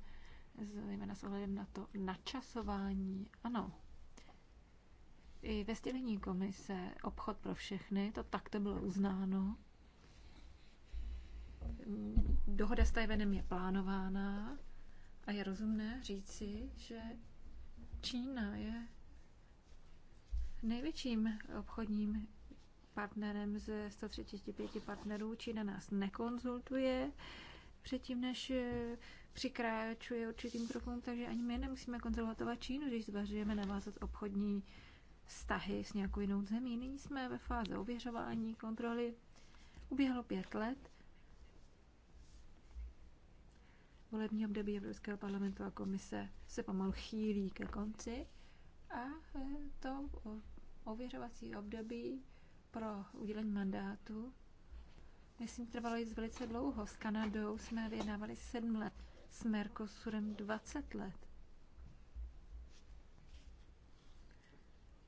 Speaker 3: zejména s ohledem na to načasování. Ano, i ve sdělení komise obchod pro všechny, to takto bylo uznáno dohoda s Tajvanem je plánována a je rozumné říci, že Čína je největším obchodním partnerem ze 135 partnerů. Čína nás nekonzultuje předtím, než eh, přikráčuje určitým krokům, takže ani my nemusíme konzultovat Čínu, když zvažujeme navázat obchodní vztahy s nějakou jinou zemí. Nyní jsme ve fáze ověřování, kontroly. Uběhlo pět let volební období Evropského parlamentu a komise se pomalu chýlí ke konci a e, to ověřovací období pro udělení mandátu, myslím, trvalo jít velice dlouho. S Kanadou jsme vyjednávali 7 let, s Mercosurem 20 let.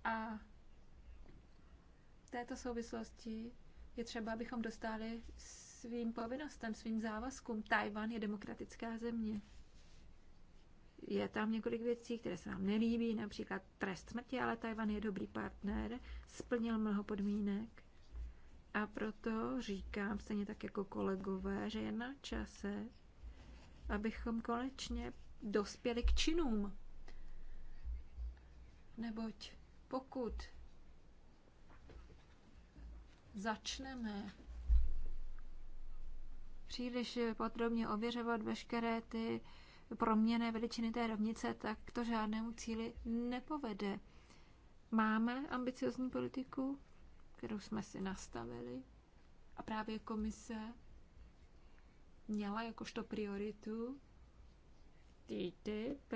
Speaker 3: A v této souvislosti je třeba, abychom dostali svým povinnostem, svým závazkům. Tajvan je demokratická země. Je tam několik věcí, které se nám nelíbí, například trest smrti, ale Tajvan je dobrý partner, splnil mnoho podmínek. A proto říkám, stejně tak jako kolegové, že je na čase, abychom konečně dospěli k činům. Neboť pokud začneme příliš podrobně ověřovat veškeré ty proměny veličiny té rovnice, tak to žádnému cíli nepovede. Máme ambiciozní politiku, kterou jsme si nastavili a právě komise měla jakožto prioritu TTIP.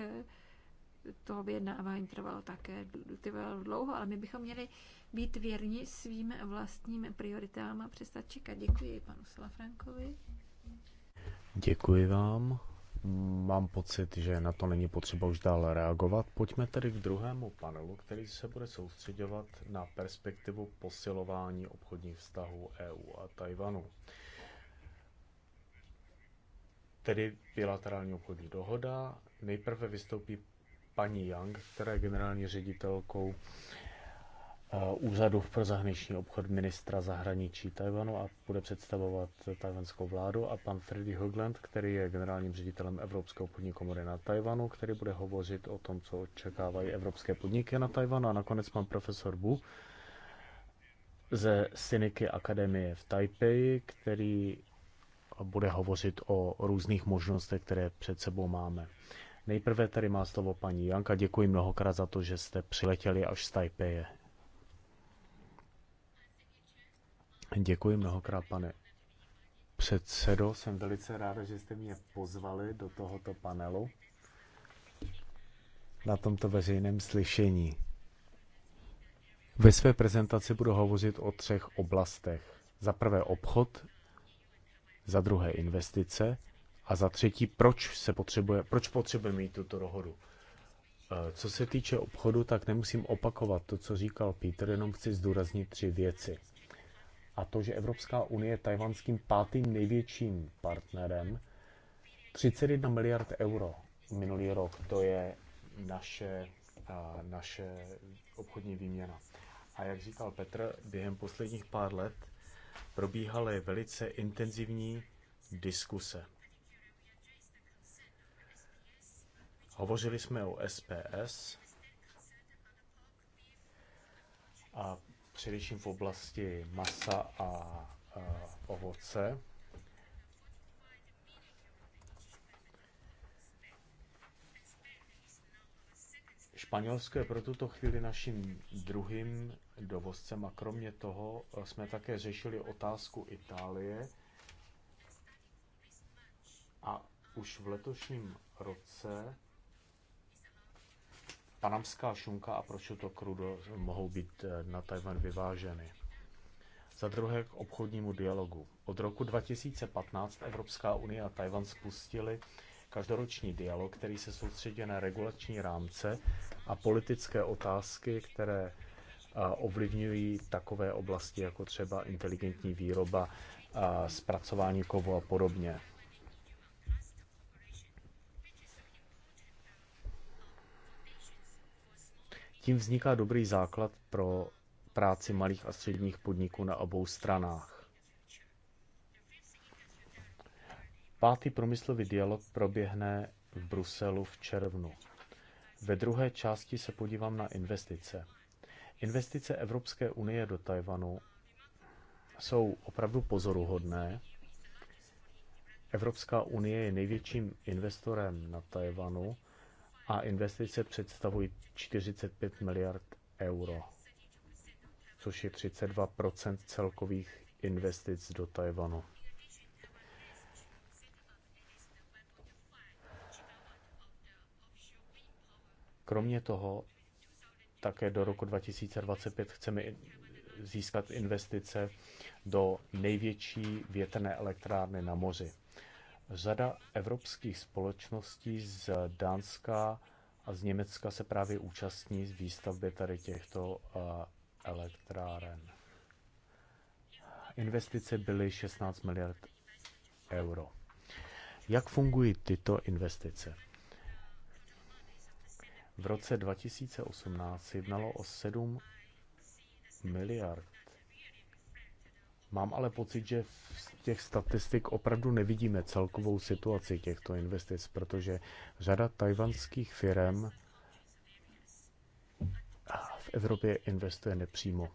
Speaker 3: To vyjednávání trvalo také trvalo dlouho, ale my bychom měli být věrni svým vlastním prioritám a přestat čekat. Děkuji panu Salafrankovi.
Speaker 1: Děkuji vám. Mám pocit, že na to není potřeba už dál reagovat. Pojďme tedy k druhému panelu, který se bude soustředovat na perspektivu posilování obchodních vztahů EU a Tajvanu. Tedy bilaterální obchodní dohoda. Nejprve vystoupí paní Yang, která je generální ředitelkou Eh, úřadu pro zahraniční obchod ministra zahraničí Tajvanu a bude představovat tajvanskou vládu a pan Freddy Hogland, který je generálním ředitelem Evropského obchodní komory na Tajvanu, který bude hovořit o tom, co očekávají evropské podniky na Tajvanu a nakonec pan profesor Bu ze Syniky Akademie v Taipei, který bude hovořit o různých možnostech, které před sebou máme. Nejprve tady má slovo paní Janka. Děkuji mnohokrát za to, že jste přiletěli až z Taipeje. Děkuji mnohokrát, pane předsedo. Jsem velice ráda, že jste mě pozvali do tohoto panelu na tomto veřejném slyšení. Ve své prezentaci budu hovořit o třech oblastech. Za prvé obchod, za druhé investice a za třetí, proč, se potřebuje, proč potřebujeme mít tuto dohodu. Eh, co se týče obchodu, tak nemusím opakovat to, co říkal Peter, jenom chci zdůraznit tři věci a to, že Evropská unie je tajvanským pátým největším partnerem, 31 miliard euro minulý rok, to je naše, naše obchodní výměna. A jak říkal Petr, během posledních pár let probíhaly velice intenzivní diskuse. Hovořili jsme o SPS a především v oblasti masa a ovoce. Španělsko je pro tuto chvíli naším druhým dovozcem a kromě toho eh, jsme také řešili otázku Itálie a už v letošním roce panamská šunka a proč to krudo mohou být eh, na Tajvan vyváženy. Za druhé k obchodnímu dialogu. Od roku 2015 Evropská unie a Tajvan spustili každoroční dialog, který se soustředí na regulační rámce a politické otázky, které eh, ovlivňují takové oblasti jako třeba inteligentní výroba, zpracování kovu a podobně. Tím vzniká dobrý základ pro práci malých a středních podniků na obou stranách. Pátý promyslový dialog proběhne v Bruselu v červnu. Ve druhé části se podívám na investice. Investice Evropské unie do Tajvanu jsou opravdu pozoruhodné. Evropská unie je největším investorem na Tajvanu a investice představují 45 miliard euro, což je 32 celkových investic do Tajvanu. Kromě toho také do roku 2025 chceme získat investice do největší větrné elektrárny na moři. Řada evropských společností z Dánska a z Německa se právě účastní z výstavby tady těchto eh, elektráren. Investice byly 16 miliard euro. Jak fungují tyto investice? V roce 2018 jednalo o 7 miliard Mám ale pocit, že v těch statistik opravdu nevidíme celkovou situaci těchto investic, protože řada tajvanských firm v Evropě investuje nepřímo.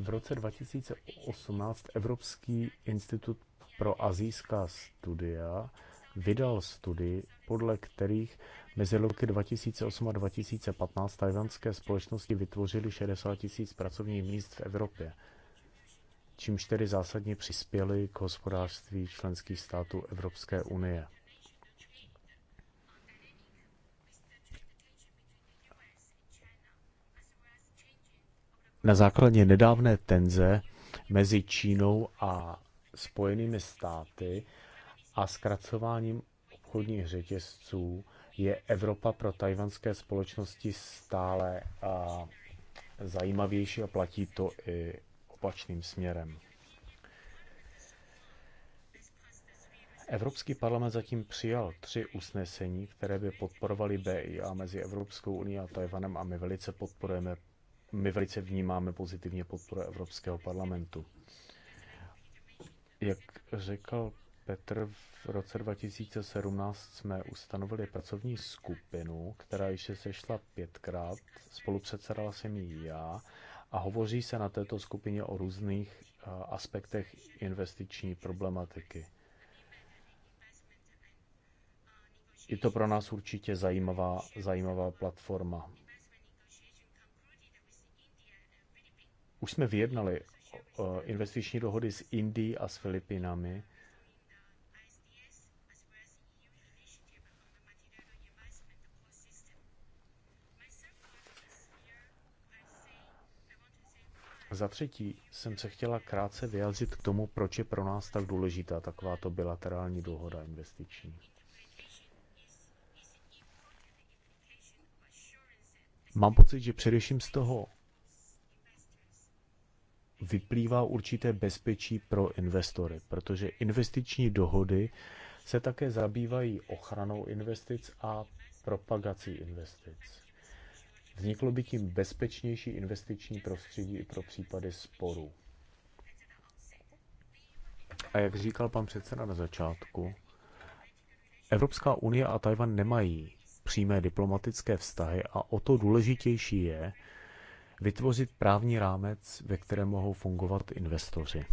Speaker 1: V roce 2018 Evropský institut pro azijská studia vydal studii, podle kterých mezi roky 2008 a 2015 tajvanské společnosti vytvořily 60 000 pracovních míst v Evropě čímž tedy zásadně přispěly k hospodářství členských států Evropské unie. Na základě nedávné tenze mezi Čínou a Spojenými státy a zkracováním obchodních řetězců je Evropa pro tajvanské společnosti stále a zajímavější a platí to i opačným směrem. Evropský parlament zatím přijal tři usnesení, které by podporovaly BIA mezi Evropskou unii a Tajvanem a my velice podporujeme, my velice vnímáme pozitivně podporu Evropského parlamentu. Jak řekl Petr, v roce 2017 jsme ustanovili pracovní skupinu, která již se sešla pětkrát, spolupředsedala jsem ji já a hovoří se na této skupině o různých eh, aspektech investiční problematiky. Je to pro nás určitě zajímavá, zajímavá platforma. Už jsme vyjednali eh, investiční dohody s Indií a s Filipinami Za třetí jsem se chtěla krátce vyjádřit k tomu, proč je pro nás tak důležitá takováto bilaterální dohoda investiční. Mám pocit, že především z toho vyplývá určité bezpečí pro investory, protože investiční dohody se také zabývají ochranou investic a propagací investic. Vzniklo by tím bezpečnější investiční prostředí i pro případy sporů. A jak říkal pan předseda na začátku, Evropská unie a Tajvan nemají přímé diplomatické vztahy a o to důležitější je vytvořit právní rámec, ve kterém mohou fungovat investoři.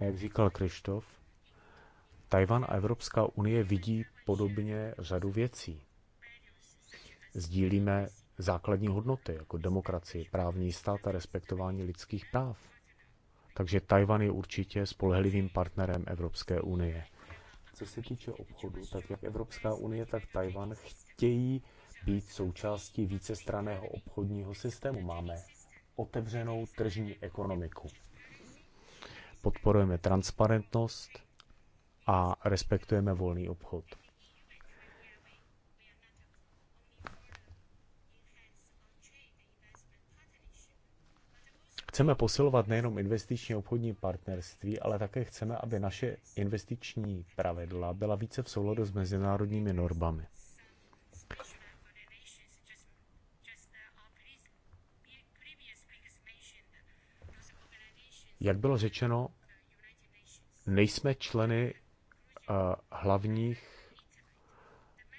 Speaker 1: A jak říkal Krištof, Tajvan a Evropská unie vidí podobně řadu věcí. Sdílíme základní hodnoty, jako demokracii, právní stát a respektování lidských práv. Takže Tajvan je určitě spolehlivým partnerem Evropské unie. Co se týče obchodu, tak jak Evropská unie, tak Tajvan chtějí být součástí vícestraného obchodního systému. Máme otevřenou tržní ekonomiku. Podporujeme transparentnost a respektujeme volný obchod. Chceme posilovat nejenom investiční obchodní partnerství, ale také chceme, aby naše investiční pravidla byla více v souladu s mezinárodními normami. Jak bylo řečeno, nejsme členy eh, hlavních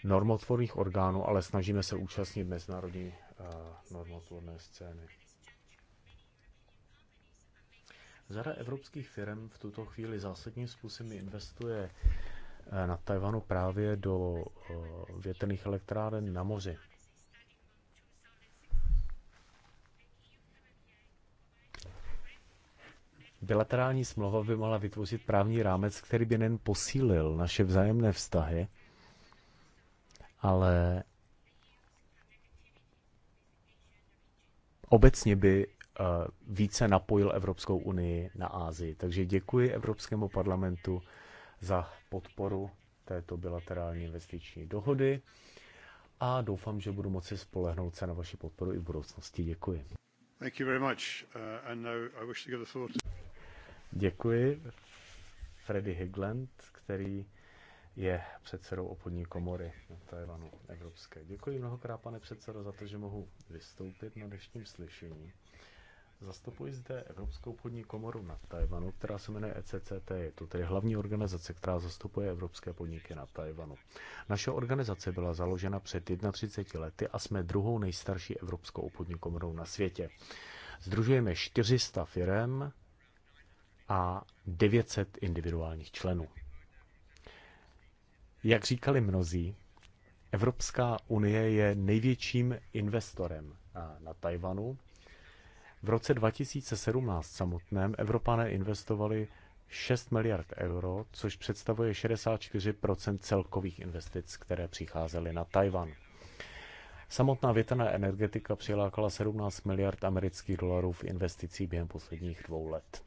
Speaker 1: normotvorných orgánů, ale snažíme se účastnit mezinárodní eh, normotvorné scény. Řada evropských firm v tuto chvíli zásadním způsobem investuje eh, na Tajvanu právě do eh, větrných elektráren na moři. Bilaterální smlouva by mohla vytvořit právní rámec, který by nejen posílil naše vzájemné vztahy, ale obecně by Eh, více napojil Evropskou unii na Ázii. Takže děkuji Evropskému parlamentu za podporu této bilaterální investiční dohody a doufám, že budu moci spolehnout se na vaši podporu i v budoucnosti. Děkuji.
Speaker 2: Thank you very much. Uh, and now I wish to give the to...
Speaker 1: Děkuji. Freddy Higland, který je předsedou obchodní komory na Tajvanu Evropské. Děkuji mnohokrát, pane předsedo, za to, že mohu vystoupit na dnešním slyšení. Zastupuji zde Evropskou podní komoru na Tajvanu, která se jmenuje ECCT. Je to tedy hlavní organizace, která zastupuje evropské podniky na Tajvanu. Naše organizace byla založena před 31 lety a jsme druhou nejstarší Evropskou obchodní komorou na světě. Združujeme 400 firm a 900 individuálních členů. Jak říkali mnozí, Evropská unie je největším investorem na Tajvanu v roce 2017 samotném Evropané investovali 6 miliard euro, což představuje 64 celkových investic, které přicházely na Tajvan. Samotná větrná energetika přilákala 17 miliard amerických dolarů v investicích během posledních dvou let.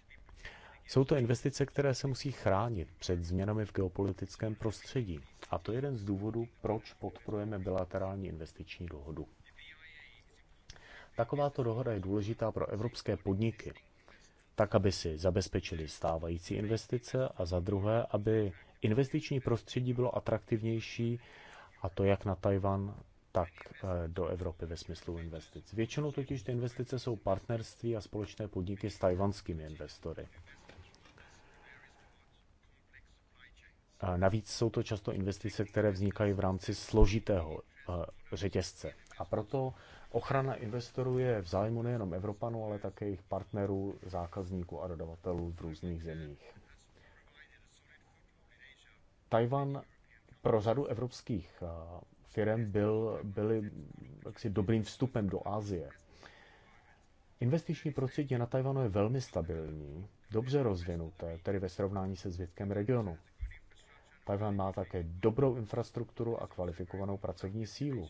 Speaker 1: Jsou to investice, které se musí chránit před změnami v geopolitickém prostředí. A to je jeden z důvodů, proč podporujeme bilaterální investiční dohodu. Takováto dohoda je důležitá pro evropské podniky, tak aby si zabezpečili stávající investice a za druhé, aby investiční prostředí bylo atraktivnější a to jak na Tajvan, tak eh, do Evropy ve smyslu investic. Většinou totiž ty investice jsou partnerství a společné podniky s tajvanskými investory. A navíc jsou to často investice, které vznikají v rámci složitého eh, řetězce. A proto Ochrana investorů je v zájmu nejenom Evropanů, ale také jejich partnerů, zákazníků a dodavatelů v různých zemích. Tajvan pro řadu evropských eh, firm byl, byly jaksi dobrým vstupem do Asie. Investiční prostředí na Tajvanu je velmi stabilní, dobře rozvinuté, tedy ve srovnání se zbytkem regionu. Tajvan má také dobrou infrastrukturu a kvalifikovanou pracovní sílu.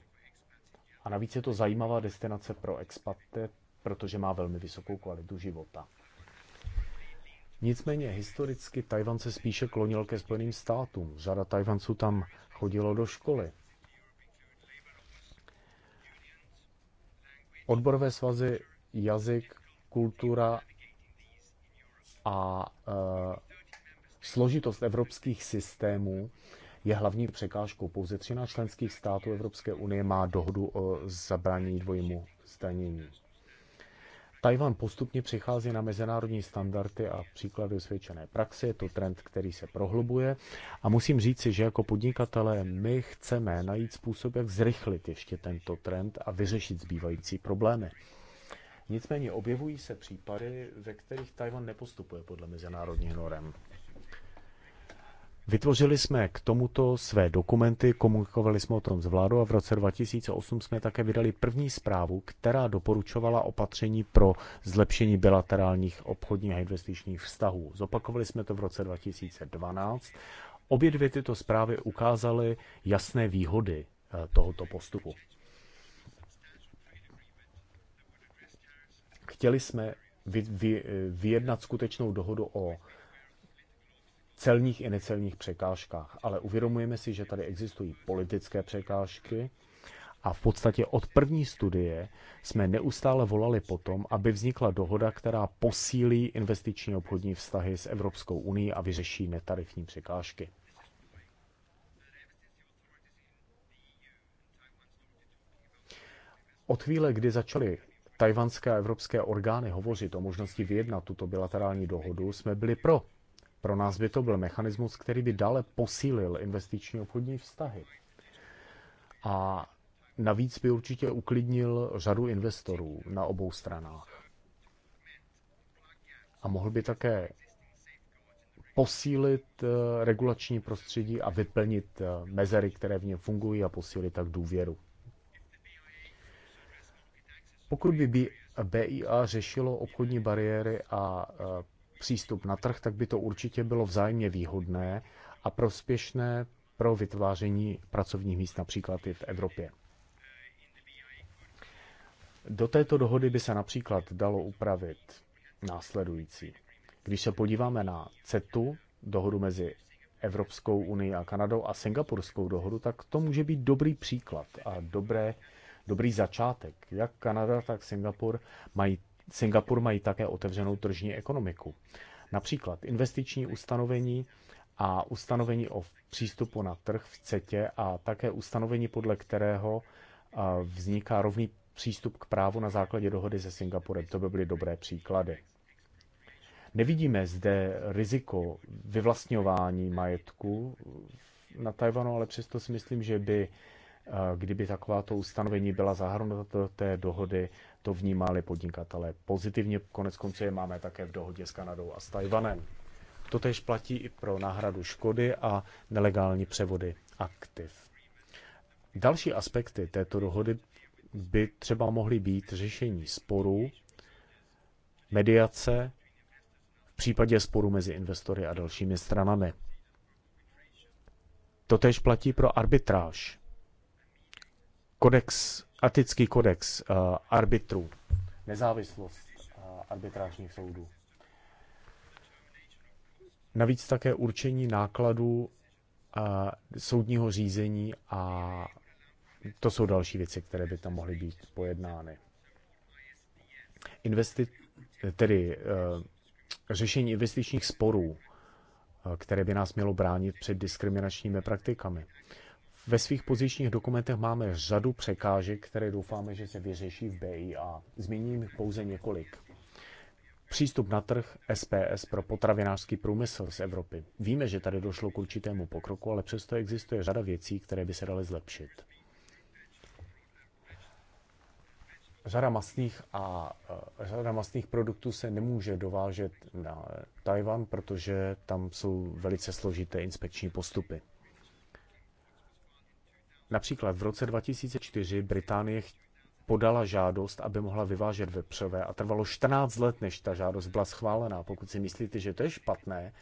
Speaker 1: A navíc je to zajímavá destinace pro expaty, protože má velmi vysokou kvalitu života. Nicméně historicky Tajvan se spíše klonil ke Spojeným státům. Řada Tajvanců tam chodilo do školy. Odborové svazy, jazyk, kultura a e, složitost evropských systémů je hlavní překážkou. Pouze 13 členských států Evropské unie má dohodu o zabránění dvojímu zdanění. Tajvan postupně přichází na mezinárodní standardy a příklady osvědčené praxe. Je to trend, který se prohlubuje. A musím říci, že jako podnikatelé my chceme najít způsob, jak zrychlit ještě tento trend a vyřešit zbývající problémy. Nicméně objevují se případy, ve kterých Tajvan nepostupuje podle mezinárodních norem. Vytvořili jsme k tomuto své dokumenty, komunikovali jsme o tom s vládou a v roce 2008 jsme také vydali první zprávu, která doporučovala opatření pro zlepšení bilaterálních obchodních a investičních vztahů. Zopakovali jsme to v roce 2012. Obě dvě tyto zprávy ukázaly jasné výhody eh, tohoto postupu. Chtěli jsme eh, vyjednat skutečnou dohodu o celních i necelních překážkách, ale uvědomujeme si, že tady existují politické překážky a v podstatě od první studie jsme neustále volali potom, aby vznikla dohoda, která posílí investiční obchodní vztahy s Evropskou unii a vyřeší netarifní překážky. Od chvíle, kdy začaly tajvanské a evropské orgány hovořit o možnosti vyjednat tuto bilaterální dohodu, jsme byli pro. Pro nás by to byl mechanismus, který by dále posílil investiční obchodní vztahy. A navíc by určitě uklidnil řadu investorů na obou stranách. A mohl by také posílit eh, regulační prostředí a vyplnit eh, mezery, které v něm fungují a posílit tak důvěru. Pokud by BIA řešilo obchodní bariéry a eh, přístup na trh, tak by to určitě bylo vzájemně výhodné a prospěšné pro vytváření pracovních míst například i v Evropě. Do této dohody by se například dalo upravit následující. Když se podíváme na CETu, dohodu mezi Evropskou unii a Kanadou a Singapurskou dohodu, tak to může být dobrý příklad a dobré, dobrý začátek. Jak Kanada, tak Singapur mají Singapur mají také otevřenou tržní ekonomiku. Například investiční ustanovení a ustanovení o přístupu na trh v CETě a také ustanovení, podle kterého vzniká rovný přístup k právu na základě dohody se Singapurem. To by byly dobré příklady. Nevidíme zde riziko vyvlastňování majetku na Tajvanu, ale přesto si myslím, že by Kdyby takováto ustanovení byla zahrnuta do té dohody, to vnímali podnikatelé pozitivně. Konec konců je máme také v dohodě s Kanadou a s Tajvanem. To tež platí i pro náhradu škody a nelegální převody aktiv. Další aspekty této dohody by třeba mohly být řešení sporů, mediace v případě sporu mezi investory a dalšími stranami. Totež platí pro arbitráž kodex, etický kodex uh, arbitrů, nezávislost uh, arbitrážních soudů. Navíc také určení nákladů uh, soudního řízení a to jsou další věci, které by tam mohly být pojednány. Investi- tedy uh, řešení investičních sporů, uh, které by nás mělo bránit před diskriminačními praktikami. Uh, ve svých pozičních dokumentech máme řadu překážek, které doufáme, že se vyřeší v BI a zmíním pouze několik. Přístup na trh SPS pro potravinářský průmysl z Evropy. Víme, že tady došlo k určitému pokroku, ale přesto existuje řada věcí, které by se daly zlepšit. Řada masných, a, e, řada masných produktů se nemůže dovážet na Tajvan, protože tam jsou velice složité inspekční postupy. Například v roce 2004 Británie podala žádost, aby mohla vyvážet vepřové a trvalo 14 let, než ta žádost byla schválená. Pokud si myslíte, že to je špatné,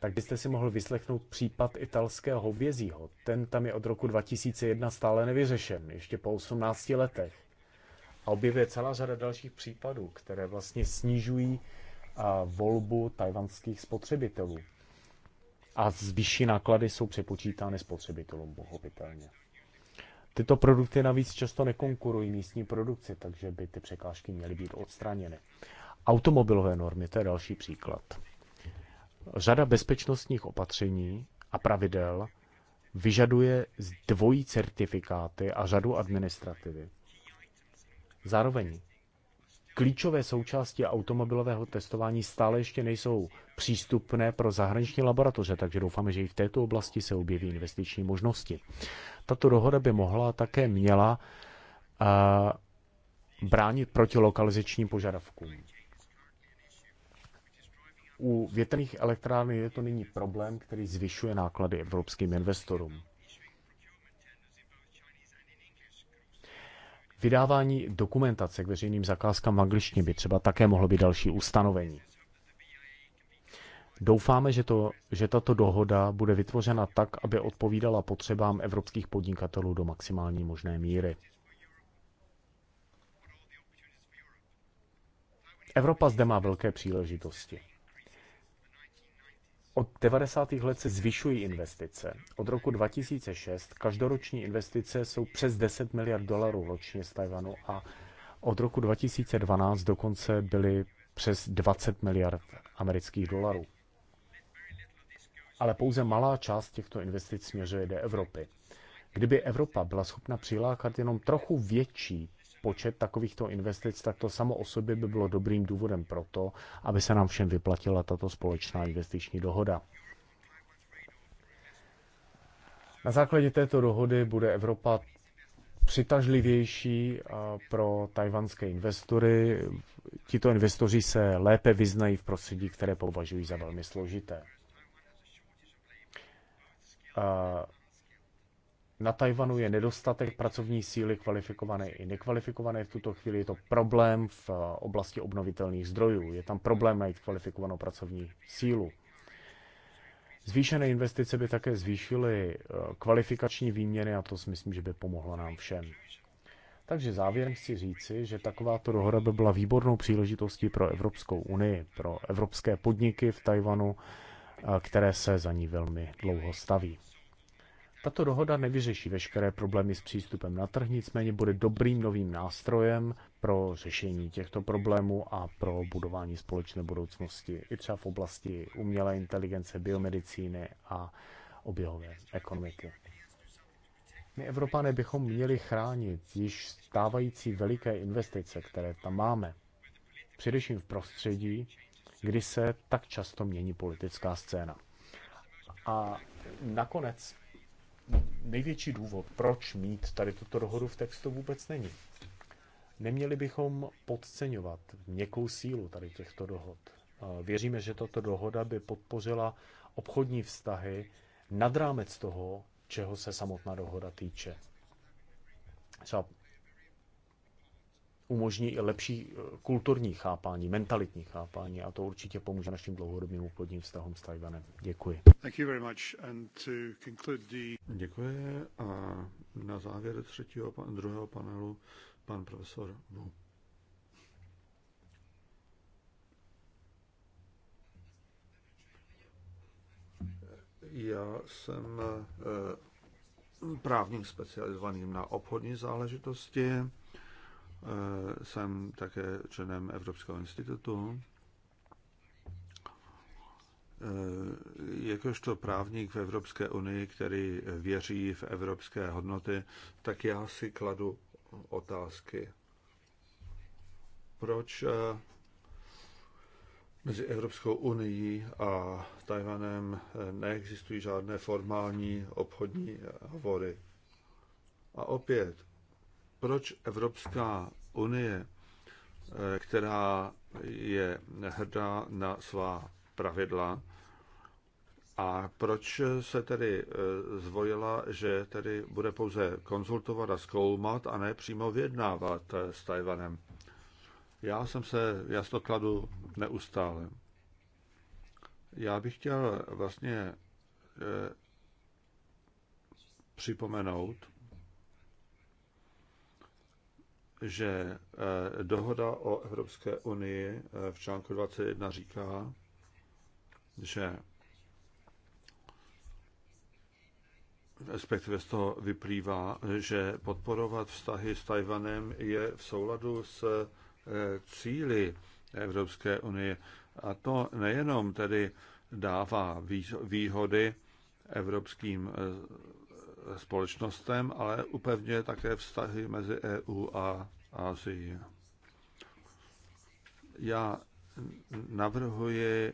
Speaker 1: tak byste si mohl vyslechnout případ italského hovězího. Ten tam je od roku 2001 stále nevyřešen, ještě po 18 letech. A objevuje celá řada dalších případů, které vlastně snižují volbu tajvanských spotřebitelů a vyšší náklady jsou přepočítány spotřebitelům, pochopitelně. Tyto produkty navíc často nekonkurují místní produkci, takže by ty překážky měly být odstraněny. Automobilové normy, to je další příklad. Řada bezpečnostních opatření a pravidel vyžaduje dvojí certifikáty a řadu administrativy. Zároveň klíčové součásti automobilového testování stále ještě nejsou přístupné pro zahraniční laboratoře, takže doufáme, že i v této oblasti se objeví investiční možnosti. Tato dohoda by mohla také měla uh, bránit proti lokalizačním požadavkům. U větrných elektrárny je to nyní problém, který zvyšuje náklady evropským investorům. Vydávání dokumentace k veřejným zakázkám v angličtině by třeba také mohlo být další ustanovení. Doufáme, že, to, že tato dohoda bude vytvořena tak, aby odpovídala potřebám evropských podnikatelů do maximální možné míry. Evropa zde má velké příležitosti. Od 90. let se zvyšují investice. Od roku 2006 každoroční investice jsou přes 10 miliard dolarů ročně z Tajvanu a od roku 2012 dokonce byly přes 20 miliard amerických dolarů. Ale pouze malá část těchto investic směřuje do Evropy. Kdyby Evropa byla schopna přilákat jenom trochu větší počet takovýchto investic, tak to samo o sobě by bylo dobrým důvodem pro to, aby se nám všem vyplatila tato společná investiční dohoda. Na základě této dohody bude Evropa přitažlivější pro tajvanské investory. Tito investoři se lépe vyznají v prostředí, které považují za velmi složité. Na Tajvanu je nedostatek pracovní síly kvalifikované i nekvalifikované. V tuto chvíli je to problém v eh, oblasti obnovitelných zdrojů. Je tam problém najít kvalifikovanou pracovní sílu. Zvýšené investice by také zvýšily eh, kvalifikační výměny a to si myslím, že by pomohlo nám všem. Takže závěrem chci říci, že takováto dohoda by byla výbornou příležitostí pro Evropskou unii, pro evropské podniky v Tajvanu, eh, které se za ní velmi dlouho staví. Tato dohoda nevyřeší veškeré problémy s přístupem na trh, nicméně bude dobrým novým nástrojem pro řešení těchto problémů a pro budování společné budoucnosti, i třeba v oblasti umělé inteligence, biomedicíny a oběhové ekonomiky. My Evropané bychom měli chránit již stávající veliké investice, které tam máme. Především v prostředí, kdy se tak často mění politická scéna. A nakonec největší důvod, proč mít tady tuto dohodu v textu vůbec není. Neměli bychom podceňovat měkkou sílu tady těchto dohod. Věříme, že tato dohoda by podpořila obchodní vztahy nad rámec toho, čeho se samotná dohoda týče. Třeba umožní i lepší e, kulturní chápání, mentalitní chápání a to určitě pomůže našim dlouhodobým obchodním vztahům s Tajvanem. Děkuji.
Speaker 2: Thank you very much. And to conclude the... Děkuji a na závěr třetího, druhého panelu pan profesor Wu. Já jsem e, právním specializovaným na obchodní záležitosti Eh, jsem také členem Evropského institutu. Eh, jakožto právník v Evropské unii, který věří v evropské hodnoty, tak já si kladu otázky. Proč eh, mezi Evropskou unii a Tajvanem neexistují žádné formální obchodní hovory? A opět, proč Evropská unie, eh, která je hrdá na svá pravidla, a proč se tedy eh, zvojila, že tedy bude pouze konzultovat a zkoumat a ne přímo vyjednávat eh, s Tajvanem? Já jsem se jasno kladu neustále. Já bych chtěl vlastně připomenout, že eh, dohoda o Evropské unii eh, v článku 21 říká, že respektive z toho vyplývá, že podporovat vztahy s Tajvanem je v souladu s eh, cíly Evropské unie. A to nejenom tedy dává výhody evropským společnostem, ale upevňuje také vztahy mezi EU a Asií. Já navrhuji eh,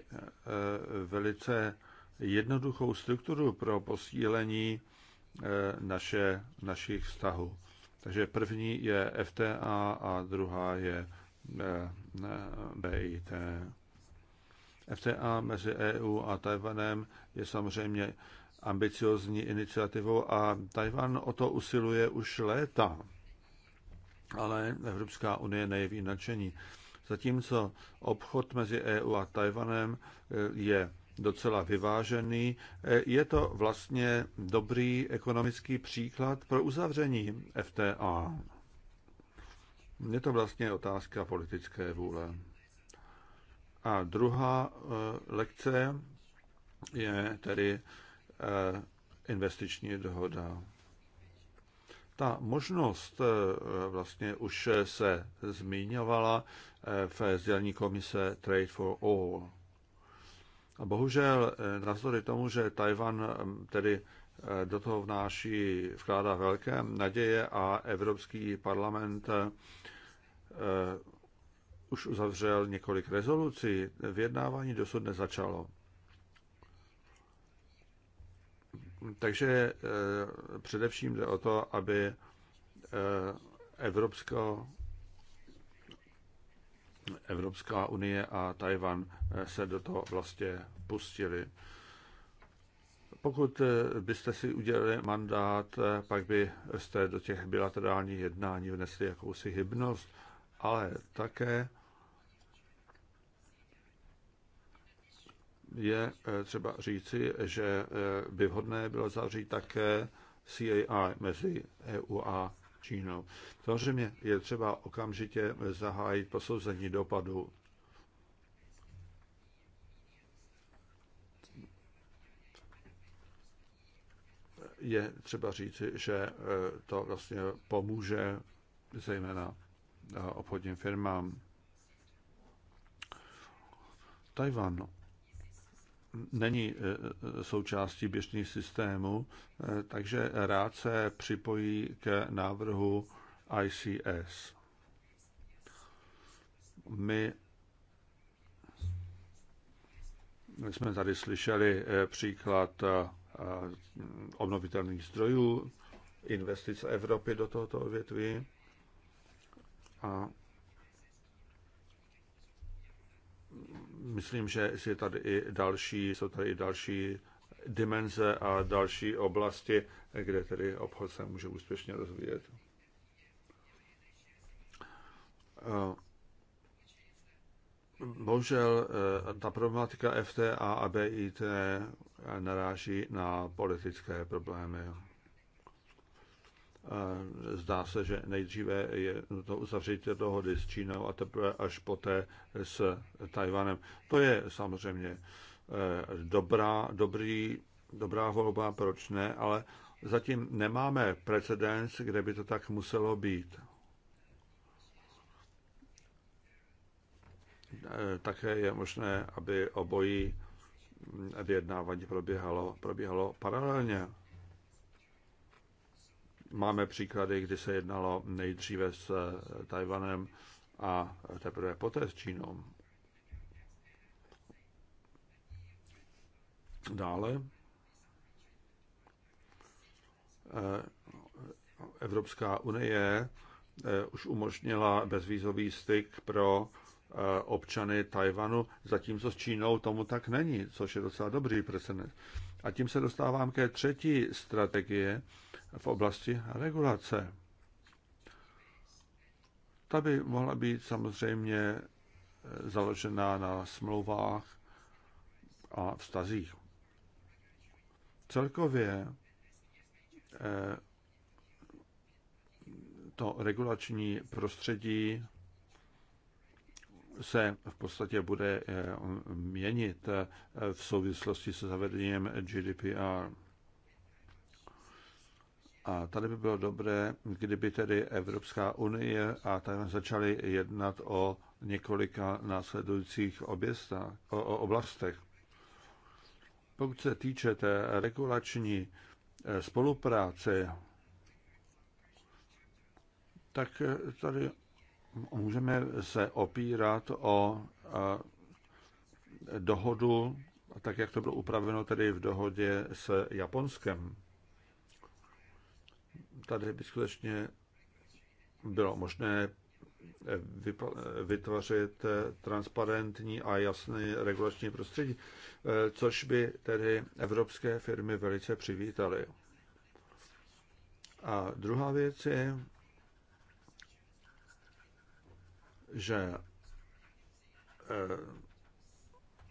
Speaker 2: velice jednoduchou strukturu pro posílení eh, naše, našich vztahů. Takže první je FTA a druhá je eh, BIT. FTA mezi EU a Tajvanem je samozřejmě ambiciozní iniciativou a Tajvan o to usiluje už léta. Ale Evropská unie nejeví nadšení. Zatímco obchod mezi EU a Tajvanem eh, je docela vyvážený, eh, je to vlastně dobrý ekonomický příklad pro uzavření FTA. Je to vlastně otázka politické vůle. A druhá eh, lekce je tedy Eh, investiční dohoda. Ta možnost eh, vlastně už se zmiňovala eh, v sdělení komise Trade for All. A bohužel, navzdory tomu, že Tajvan mm, tedy do toho vnáší, vkládá velké naděje a Evropský parlament už uzavřel několik rezolucí, vyjednávání dosud nezačalo. Takže eh, především jde o to, aby eh, Evropsko, Evropská unie a Tajvan eh, se do toho vlastně pustili. Pokud byste si udělali mandát, pak byste do těch bilaterálních jednání vnesli jakousi hybnost, ale také je eh, třeba říci, že eh, by vhodné bylo zavřít také CAI mezi EU a Čínou. Samozřejmě je třeba okamžitě zahájit posouzení dopadu. Je třeba říci, že eh, to vlastně pomůže zejména obchodním firmám. Tajvan není e, e, součástí běžných systémů, e, takže rád se připojí k návrhu ICS. My jsme tady slyšeli příklad obnovitelných zdrojů, investic Evropy do tohoto odvětví a myslím, že jsou tady i další, jsou tady i další dimenze a další oblasti, kde tedy obchod se může úspěšně rozvíjet. Eh, bohužel eh, ta problematika FTA a BIT naráží na politické problémy. Zdá se, že nejdříve je to uzavřít dohody s Čínou a teprve až poté s Tajvanem. To je samozřejmě eh, dobrá, dobrý, dobrá volba, proč ne, ale zatím nemáme precedens, kde by to tak muselo být. Eh, také je možné, aby obojí vyjednávání probíhalo, probíhalo paralelně. Máme příklady, kdy se jednalo nejdříve s eh, Tajvanem a teprve poté s Čínou. Dále eh, Evropská unie eh, už umožnila bezvýzový styk pro občany Tajvanu, zatímco s Čínou tomu tak není, což je docela dobrý precedent. A tím se dostávám ke třetí strategie, v oblasti regulace. Ta by mohla být samozřejmě založená na smlouvách a vztazích. Celkově eh, to regulační prostředí se v podstatě bude eh, měnit eh, v souvislosti se zavedením GDPR. A tady by bylo dobré, kdyby tedy Evropská unie a Tajvan začaly jednat o několika následujících oběstách, o, o oblastech. Pokud se týče té regulační eh, spolupráce, tak eh, tady můžeme se opírat o eh, dohodu, tak jak to bylo upraveno tedy v dohodě s Japonskem tady by skutečně bylo možné eh, eh, vytvořit eh, transparentní a jasný regulační prostředí, což by tedy evropské firmy velice přivítaly. A druhá věc je, že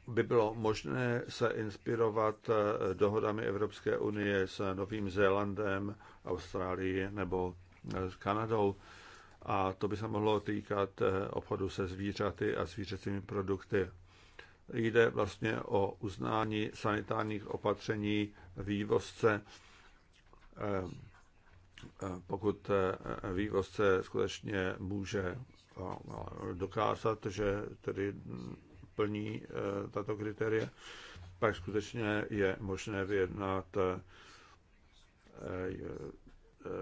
Speaker 2: by bylo možné se inspirovat dohodami Evropské unie s Novým Zélandem Austrálii nebo eh, s Kanadou. A to by se mohlo týkat eh, obchodu se zvířaty a zvířecími produkty. Jde vlastně o uznání sanitárních opatření vývozce, eh, pokud vývozce skutečně může dokázat, že tedy plní tato kritéria, pak skutečně je možné vyjednat Eh,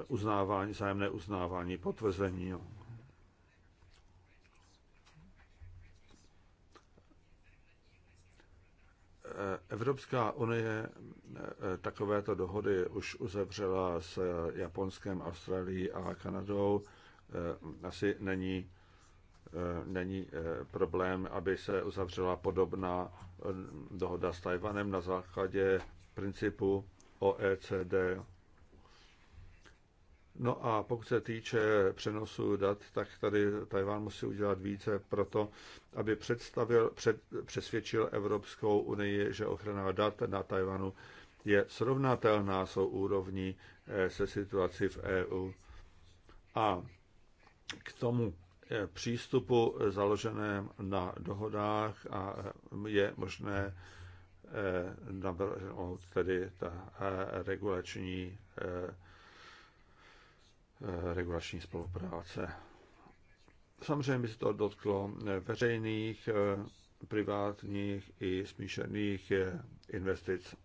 Speaker 2: uznávání, zájemné uznávání, potvrzení. Eh, Evropská unie eh, takovéto dohody už uzavřela s Japonskem, Austrálií a Kanadou. Asi není, není problém, aby se uzavřela podobná dohoda s Tajvanem na základě principu OECD. No a pokud se týče přenosu dat, tak tady Tajván musí udělat více pro to, aby představil, před, přesvědčil Evropskou unii, že ochrana dat na Tajvanu je srovnatelná s úrovní eh, se situací v EU. A k tomu eh, přístupu založeném na dohodách a eh, je možné navrhnout tedy ta regulační Eh, regulační spolupráce. Samozřejmě by se to dotklo eh, veřejných, eh, privátních i smíšených investic.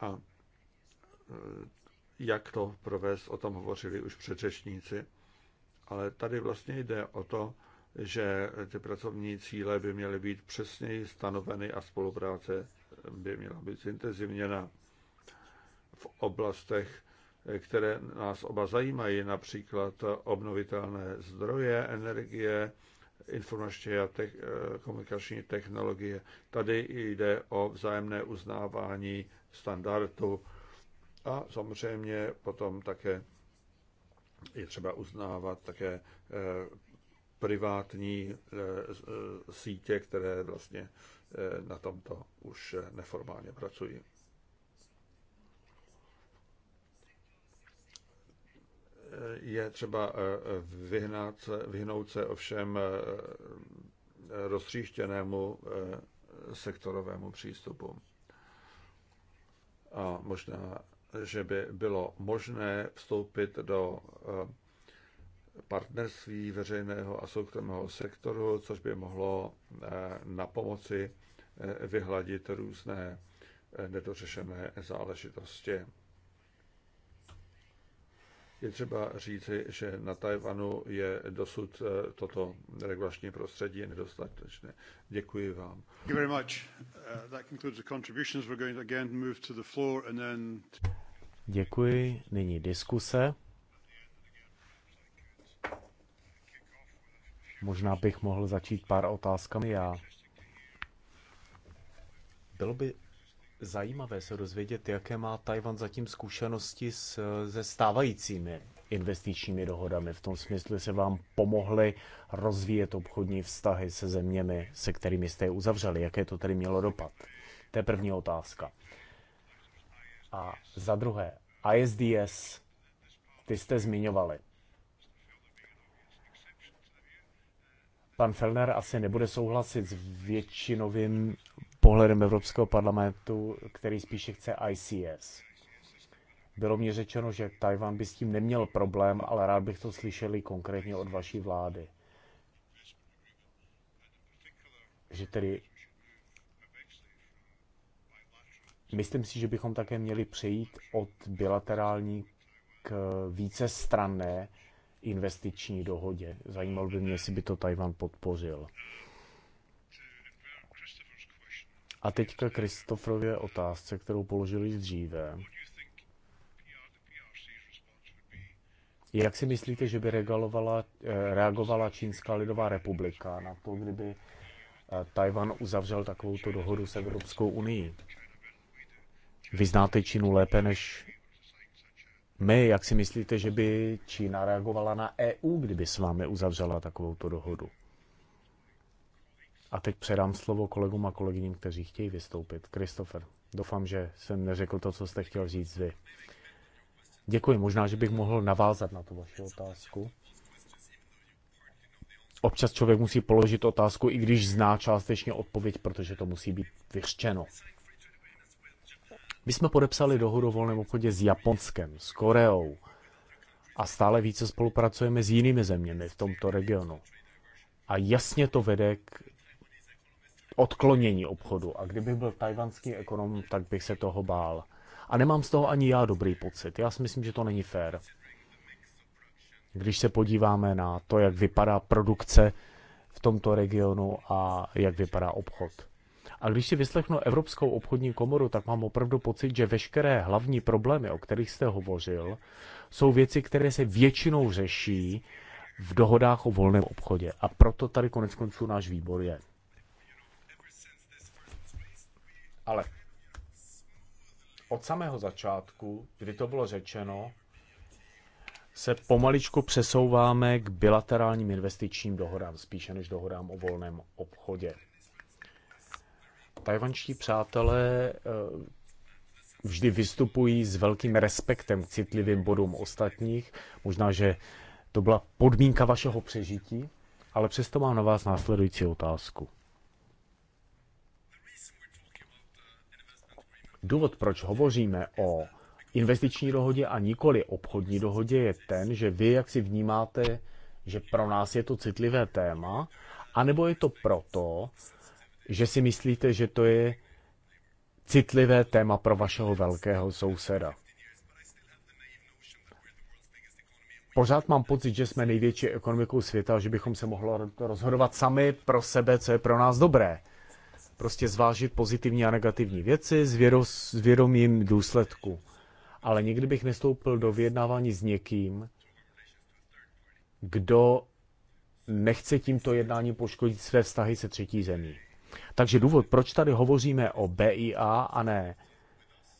Speaker 2: A jak to provést, o tom hovořili už předřečníci. Ale tady vlastně jde o to, že ty pracovní cíle by měly být přesněji stanoveny a spolupráce by měla být zintenzivněna v oblastech, které nás oba zajímají, například obnovitelné zdroje energie, informační a te- eh, komunikační technologie. Tady jde o vzájemné uznávání standardu a samozřejmě potom také je třeba uznávat také eh, privátní eh, sítě, které vlastně na tomto už neformálně pracují. je třeba eh, vyhnat, vyhnout se ovšem eh, roztříštěnému eh, sektorovému přístupu. A možná, že by bylo možné vstoupit do partnerství veřejného a soukromého sektoru, což by mohlo na pomoci vyhladit různé nedořešené záležitosti. Je třeba říci, že na Tajvanu je dosud eh, toto regulační prostředí nedostatečné. Děkuji vám.
Speaker 1: Děkuji. Nyní diskuse. Možná bych mohl začít pár otázkami já. Bylo by zajímavé se dozvědět, jaké má Tajvan zatím zkušenosti s, se stávajícími investičními dohodami. V tom smyslu se vám pomohly rozvíjet obchodní vztahy se zeměmi, se kterými jste je uzavřeli. Jaké to tedy mělo dopad? To je první otázka. A za druhé, ISDS, ty jste zmiňovali. Pan Fellner asi nebude souhlasit s většinovým pohledem Evropského parlamentu, který spíše chce ICS. Bylo mi řečeno, že Tajvan by s tím neměl problém, ale rád bych to slyšel konkrétně od vaší vlády. Že tedy Myslím si, že bychom také měli přejít od bilaterální k vícestranné investiční dohodě. Zajímalo by mě, jestli by to Tajvan podpořil. A teďka Kristofrově otázce, kterou položili dříve. Jak si myslíte, že by regalovala, eh, reagovala Čínská lidová republika na to, kdyby eh, Tajvan uzavřel takovouto dohodu s Evropskou unii? Vy znáte Čínu lépe než my. Jak si myslíte, že by Čína reagovala na EU, kdyby s vámi uzavřela takovouto dohodu? A teď předám slovo kolegům a kolegyním, kteří chtějí vystoupit. Kristofer, doufám, že jsem neřekl to, co jste chtěl říct vy. Děkuji. Možná, že bych mohl navázat na tu vaši otázku. Občas člověk musí položit otázku, i když zná částečně odpověď, protože to musí být vyřčeno. My jsme podepsali dohodu o volném obchodě s Japonskem, s Koreou a stále více spolupracujeme s jinými zeměmi v tomto regionu. A jasně to vede k odklonění obchodu. A kdybych byl tajvanský ekonom, tak bych se toho bál. A nemám z toho ani já dobrý pocit. Já si myslím, že to není fér. Když se podíváme na to, jak vypadá produkce v tomto regionu a jak vypadá obchod. A když si vyslechnu Evropskou obchodní komoru, tak mám opravdu pocit, že veškeré hlavní problémy, o kterých jste hovořil, jsou věci, které se většinou řeší v dohodách o volném obchodě. A proto tady konec konců náš výbor je. Ale od samého začátku, kdy to bylo řečeno, se pomaličku přesouváme k bilaterálním investičním dohodám, spíše než dohodám o volném obchodě. Tajvanští přátelé eh, vždy vystupují s velkým respektem k citlivým bodům ostatních. Možná, že to byla podmínka vašeho přežití, ale přesto mám na vás následující otázku. Důvod, proč hovoříme o investiční dohodě a nikoli obchodní dohodě, je ten, že vy jak si vnímáte, že pro nás je to citlivé téma, anebo je to proto, že si myslíte, že to je citlivé téma pro vašeho velkého souseda. Pořád mám pocit, že jsme největší ekonomikou světa, že bychom se mohli rozhodovat sami pro sebe, co je pro nás dobré prostě zvážit pozitivní a negativní věci s, vědo, s vědomím důsledku. Ale nikdy bych nestoupil do vyjednávání s někým, kdo nechce tímto jednáním poškodit své vztahy se třetí zemí. Takže důvod, proč tady hovoříme o BIA a ne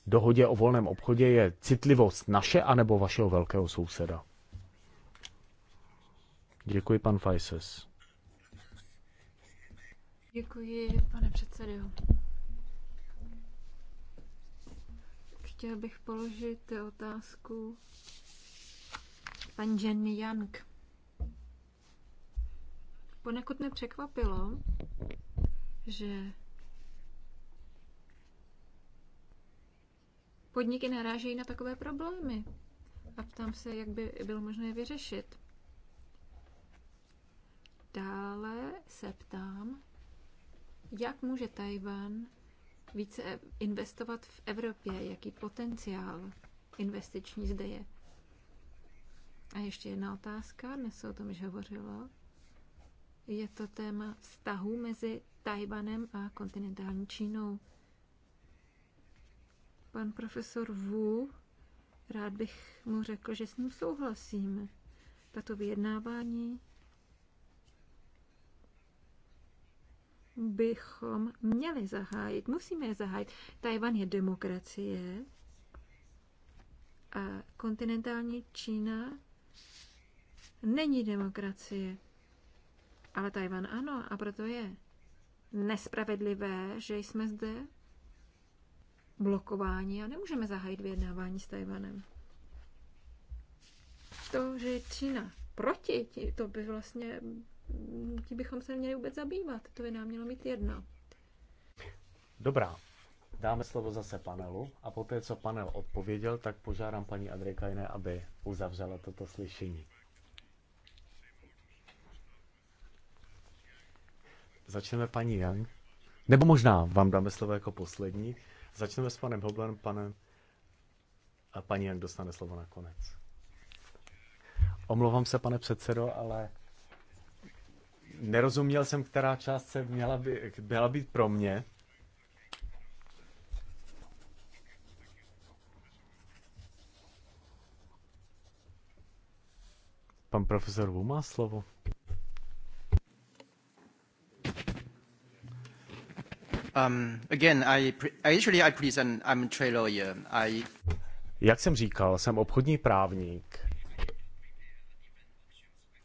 Speaker 1: dohodě o volném obchodě, je citlivost naše anebo vašeho velkého souseda. Děkuji, pan Fajses.
Speaker 3: Děkuji, pane předsedo. Chtěl bych položit otázku pan Jenny Young. Ponekud mě překvapilo, že podniky narážejí na takové problémy a ptám se, jak by bylo možné vyřešit. Dále se ptám, jak může Tajvan více investovat v Evropě? Jaký potenciál investiční zde je? A ještě jedna otázka, dnes se o tom již hovořilo. Je to téma vztahu mezi Tajvanem a kontinentální Čínou. Pan profesor Wu, rád bych mu řekl, že s ním souhlasím. Tato vyjednávání bychom měli zahájit. Musíme je zahájit. Tajvan je demokracie a kontinentální Čína není demokracie. Ale Tajvan ano, a proto je nespravedlivé, že jsme zde blokováni a nemůžeme zahájit vyjednávání s Tajvanem. To, že je Čína proti, to by vlastně ti bychom se měli vůbec zabývat. To by nám mělo mít jedno.
Speaker 1: Dobrá. Dáme slovo zase panelu a poté, co panel odpověděl, tak požádám paní Adrekajne, aby uzavřela toto slyšení. Začneme paní Jan. Nebo možná vám dáme slovo jako poslední. Začneme s panem Hoblem, panem a paní Jan dostane slovo nakonec. Omlouvám se, pane předsedo, ale nerozuměl jsem, která část se měla by, byla být pro mě. Pan profesor Vů má slovo.
Speaker 3: Um, again, I,
Speaker 1: actually I present, I'm a trade lawyer. I... Jak jsem říkal, jsem obchodní právník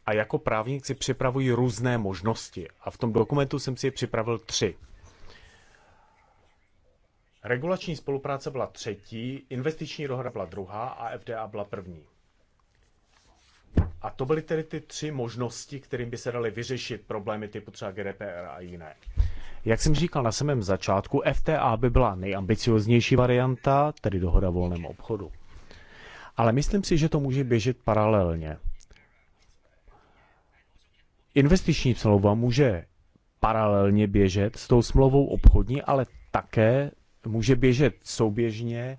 Speaker 1: a jako právník si připravuji různé možnosti a v tom dokumentu jsem si je připravil tři. Regulační spolupráce byla třetí, investiční dohoda byla druhá a FDA byla první. A to byly tedy ty tři možnosti, kterým by se daly vyřešit problémy typu třeba GDPR a jiné. Jak jsem říkal na samém začátku, FTA by byla nejambicioznější varianta, tedy dohoda volném obchodu. Ale myslím si, že to může běžet paralelně investiční smlouva může paralelně běžet s tou smlouvou obchodní, ale také může běžet souběžně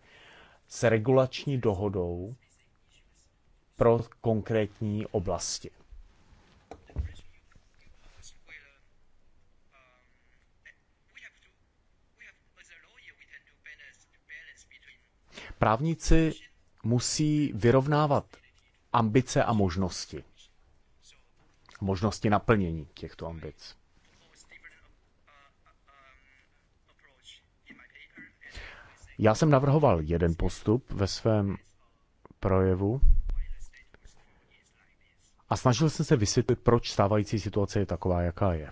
Speaker 1: s regulační dohodou pro konkrétní oblasti. Právníci musí vyrovnávat ambice a možnosti možnosti naplnění těchto ambic. Já jsem navrhoval jeden postup ve svém projevu a snažil jsem se vysvětlit, proč stávající situace je taková, jaká je.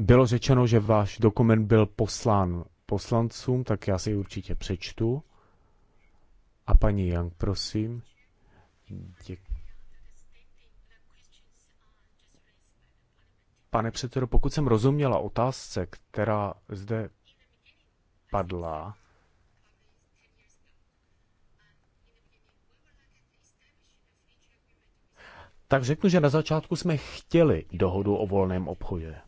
Speaker 1: Bylo řečeno, že váš dokument byl poslán poslancům, tak já si ji určitě přečtu. A paní Young, prosím. Děkuji. Pane předsedo, pokud jsem rozuměla otázce, která zde padla, tak řeknu, že na začátku jsme chtěli dohodu o volném obchodě.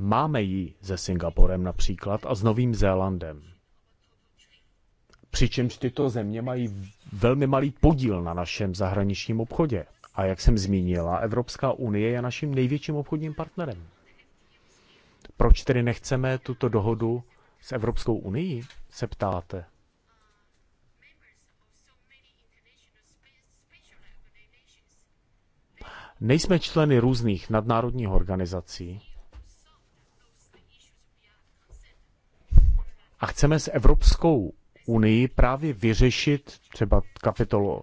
Speaker 1: Máme ji se Singapurem například a s Novým Zélandem. Přičemž tyto země mají velmi malý podíl na našem zahraničním obchodě. A jak jsem zmínila, Evropská unie je naším největším obchodním partnerem. Proč tedy nechceme tuto dohodu s Evropskou unii, se ptáte? Nejsme členy různých nadnárodních organizací, A chceme s Evropskou unii právě vyřešit třeba kapitolu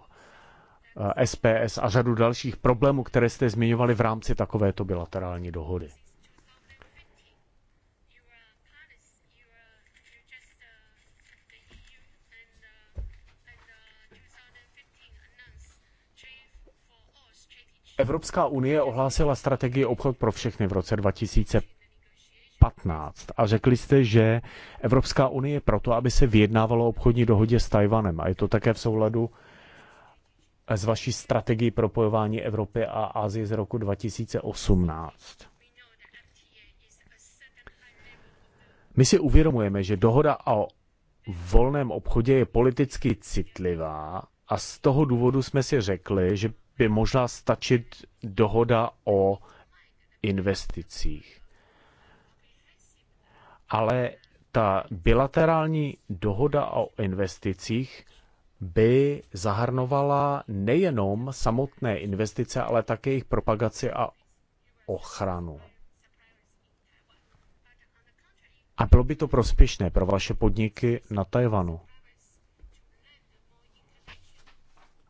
Speaker 1: SPS eh, a řadu dalších problémů, které jste zmiňovali v rámci takovéto bilaterální dohody. Evropská unie ohlásila strategii obchod pro všechny v roce 2015. 15. a řekli jste, že Evropská unie je proto, aby se vyjednávalo obchodní dohodě s Tajvanem a je to také v souladu s vaší strategií propojování Evropy a Asie z roku 2018. My si uvědomujeme, že dohoda o volném obchodě je politicky citlivá a z toho důvodu jsme si řekli, že by možná stačit dohoda o investicích ale ta bilaterální dohoda o investicích by zahrnovala nejenom samotné investice, ale také jejich propagaci a ochranu. A bylo by to prospěšné pro vaše podniky na Tajvanu.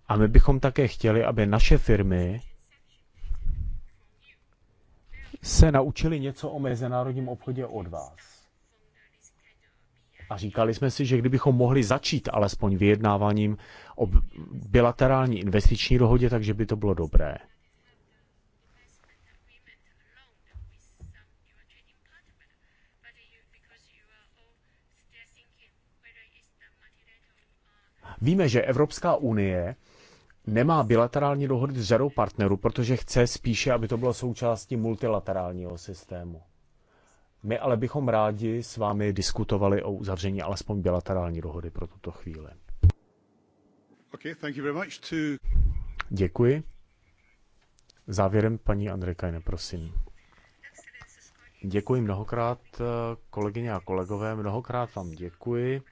Speaker 1: A my bychom také chtěli, aby naše firmy se naučily něco o mezinárodním obchodě od vás. A říkali jsme si, že kdybychom mohli začít alespoň vyjednáváním o bilaterální investiční dohodě, takže by to bylo dobré. Víme, že Evropská unie nemá bilaterální dohody s řadou partnerů, protože chce spíše, aby to bylo součástí multilaterálního systému. My ale bychom rádi s vámi diskutovali o uzavření alespoň bilaterální dohody pro tuto chvíli. Okay, thank you very much to... Děkuji. Závěrem paní Andrekajne, prosím. Děkuji mnohokrát, kolegyně a kolegové, mnohokrát vám děkuji.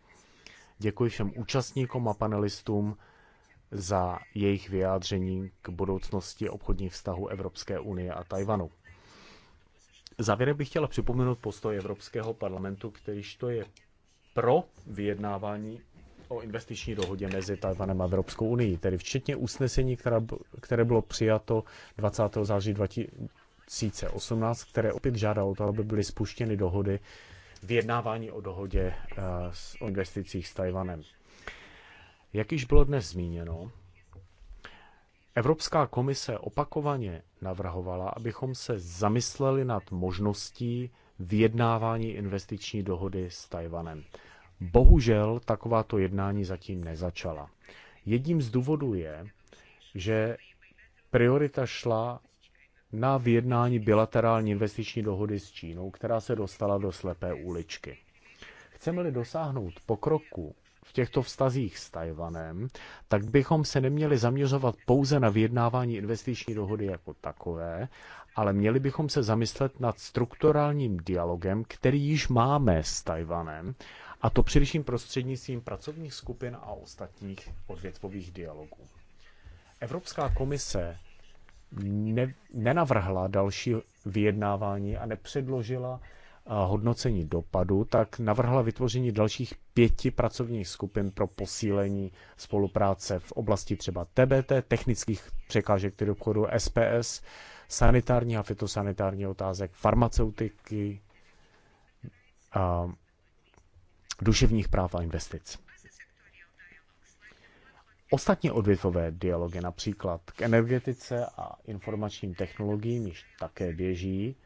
Speaker 1: Děkuji všem účastníkům a panelistům za jejich vyjádření k budoucnosti obchodních vztahů Evropské unie a Tajvanu. Závěrem bych chtěla připomenout postoj Evropského parlamentu, kterýž to je pro vyjednávání o investiční dohodě mezi Tajvanem a Evropskou unii, tedy včetně usnesení, která, které bylo přijato 20. září 2018, které opět žádalo, to, aby byly spuštěny dohody vyjednávání o dohodě eh, o investicích s Tajvanem. Jak již bylo dnes zmíněno, Evropská komise opakovaně navrhovala, abychom se zamysleli nad možností vyjednávání investiční dohody s Tajvanem. Bohužel takováto jednání zatím nezačala. Jedním z důvodů je, že priorita šla na vyjednání bilaterální investiční dohody s Čínou, která se dostala do slepé uličky. Chceme-li dosáhnout pokroku v těchto vztazích s Tajvanem, tak bychom se neměli zaměřovat pouze na vyjednávání investiční dohody jako takové, ale měli bychom se zamyslet nad strukturálním dialogem, který již máme s Tajvanem, a to především prostřednictvím pracovních skupin a ostatních odvětvových dialogů. Evropská komise ne, nenavrhla další vyjednávání a nepředložila hodnocení dopadu, tak navrhla vytvoření dalších pěti pracovních skupin pro posílení spolupráce v oblasti třeba TBT, technických překážek tedy obchodu SPS, sanitární a fitosanitární otázek, farmaceutiky, a duševních práv a investic. Ostatní odvětvové dialogy, například k energetice a informačním technologiím, již také běží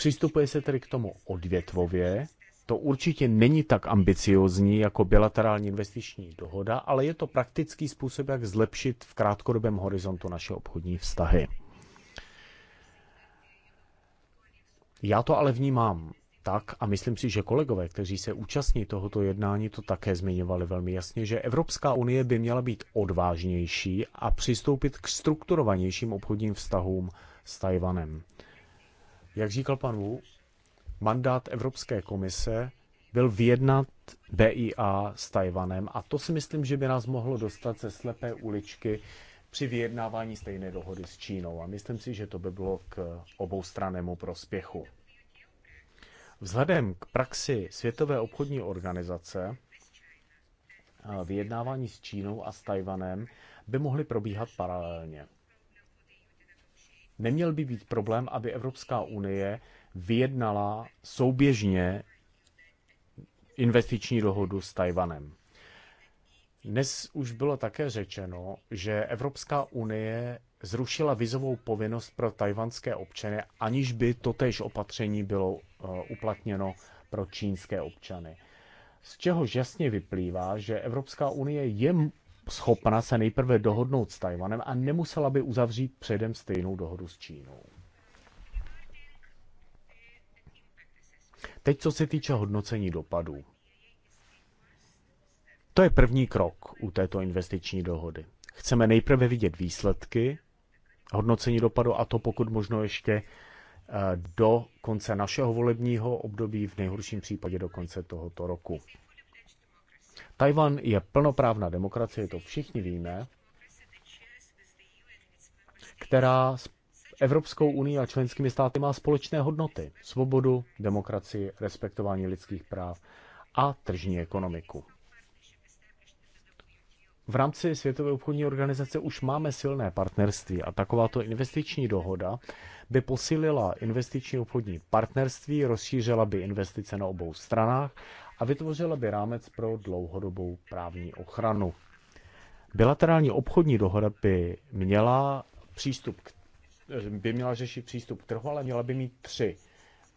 Speaker 1: Přistupuje se tedy k tomu odvětvově. To určitě není tak ambiciozní jako bilaterální investiční dohoda, ale je to praktický způsob, jak zlepšit v krátkodobém horizontu naše obchodní vztahy. Já to ale vnímám tak, a myslím si, že kolegové, kteří se účastní tohoto jednání, to také zmiňovali velmi jasně, že Evropská unie by měla být odvážnější a přistoupit k strukturovanějším obchodním vztahům s Tajvanem. Jak říkal pan Wu, mandát Evropské komise byl vyjednat BIA s Tajvanem a to si myslím, že by nás mohlo dostat ze slepé uličky při vyjednávání stejné dohody s Čínou a myslím si, že to by bylo k oboustrannému prospěchu. Vzhledem k praxi Světové obchodní organizace eh, vyjednávání s Čínou a s Tajvanem by mohly probíhat paralelně neměl by být problém, aby Evropská unie vyjednala souběžně investiční dohodu s Tajvanem. Dnes už bylo také řečeno, že Evropská unie zrušila vizovou povinnost pro tajvanské občany, aniž by totéž opatření bylo eh, uplatněno pro čínské občany. Z čehož jasně vyplývá, že Evropská unie je schopna se nejprve dohodnout s Tajvanem a nemusela by uzavřít předem stejnou dohodu s Čínou. Teď, co se týče hodnocení dopadů. To je první krok u této investiční dohody. Chceme nejprve vidět výsledky hodnocení dopadu a to pokud možno ještě eh, do konce našeho volebního období, v nejhorším případě do konce tohoto roku. Tajvan je plnoprávná demokracie, to všichni víme, která s Evropskou unii a členskými státy má společné hodnoty. Svobodu, demokracii, respektování lidských práv a tržní ekonomiku. V rámci Světové obchodní organizace už máme silné partnerství a takováto investiční dohoda by posílila investiční obchodní partnerství, rozšířila by investice na obou stranách a vytvořila by rámec pro dlouhodobou právní ochranu. Bilaterální obchodní dohoda by měla přístup k, by měla řešit přístup k trhu, ale měla by mít tři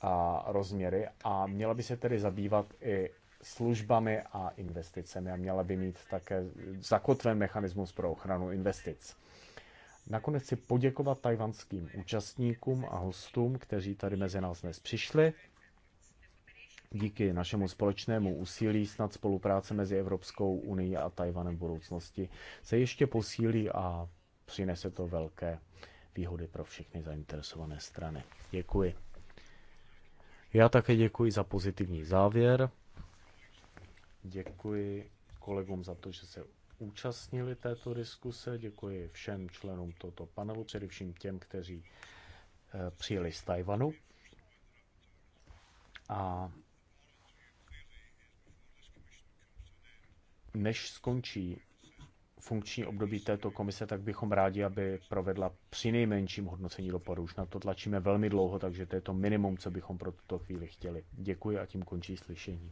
Speaker 1: a, rozměry a měla by se tedy zabývat i službami a investicemi a měla by mít také zakotven mechanismus pro ochranu investic. Nakonec si poděkovat tajvanským účastníkům a hostům, kteří tady mezi nás dnes přišli díky našemu společnému úsilí snad spolupráce mezi Evropskou unii a Tajvanem v budoucnosti se ještě posílí a přinese to velké výhody pro všechny zainteresované strany. Děkuji. Já také děkuji za pozitivní závěr. Děkuji kolegům za to, že se účastnili této diskuse. Děkuji všem členům tohoto panelu, především těm, kteří eh, přijeli z Tajvanu. A než skončí funkční období této komise, tak bychom rádi, aby provedla při nejmenším hodnocení dopadu. Už na to tlačíme velmi dlouho, takže to je to minimum, co bychom pro tuto chvíli chtěli. Děkuji a tím končí slyšení.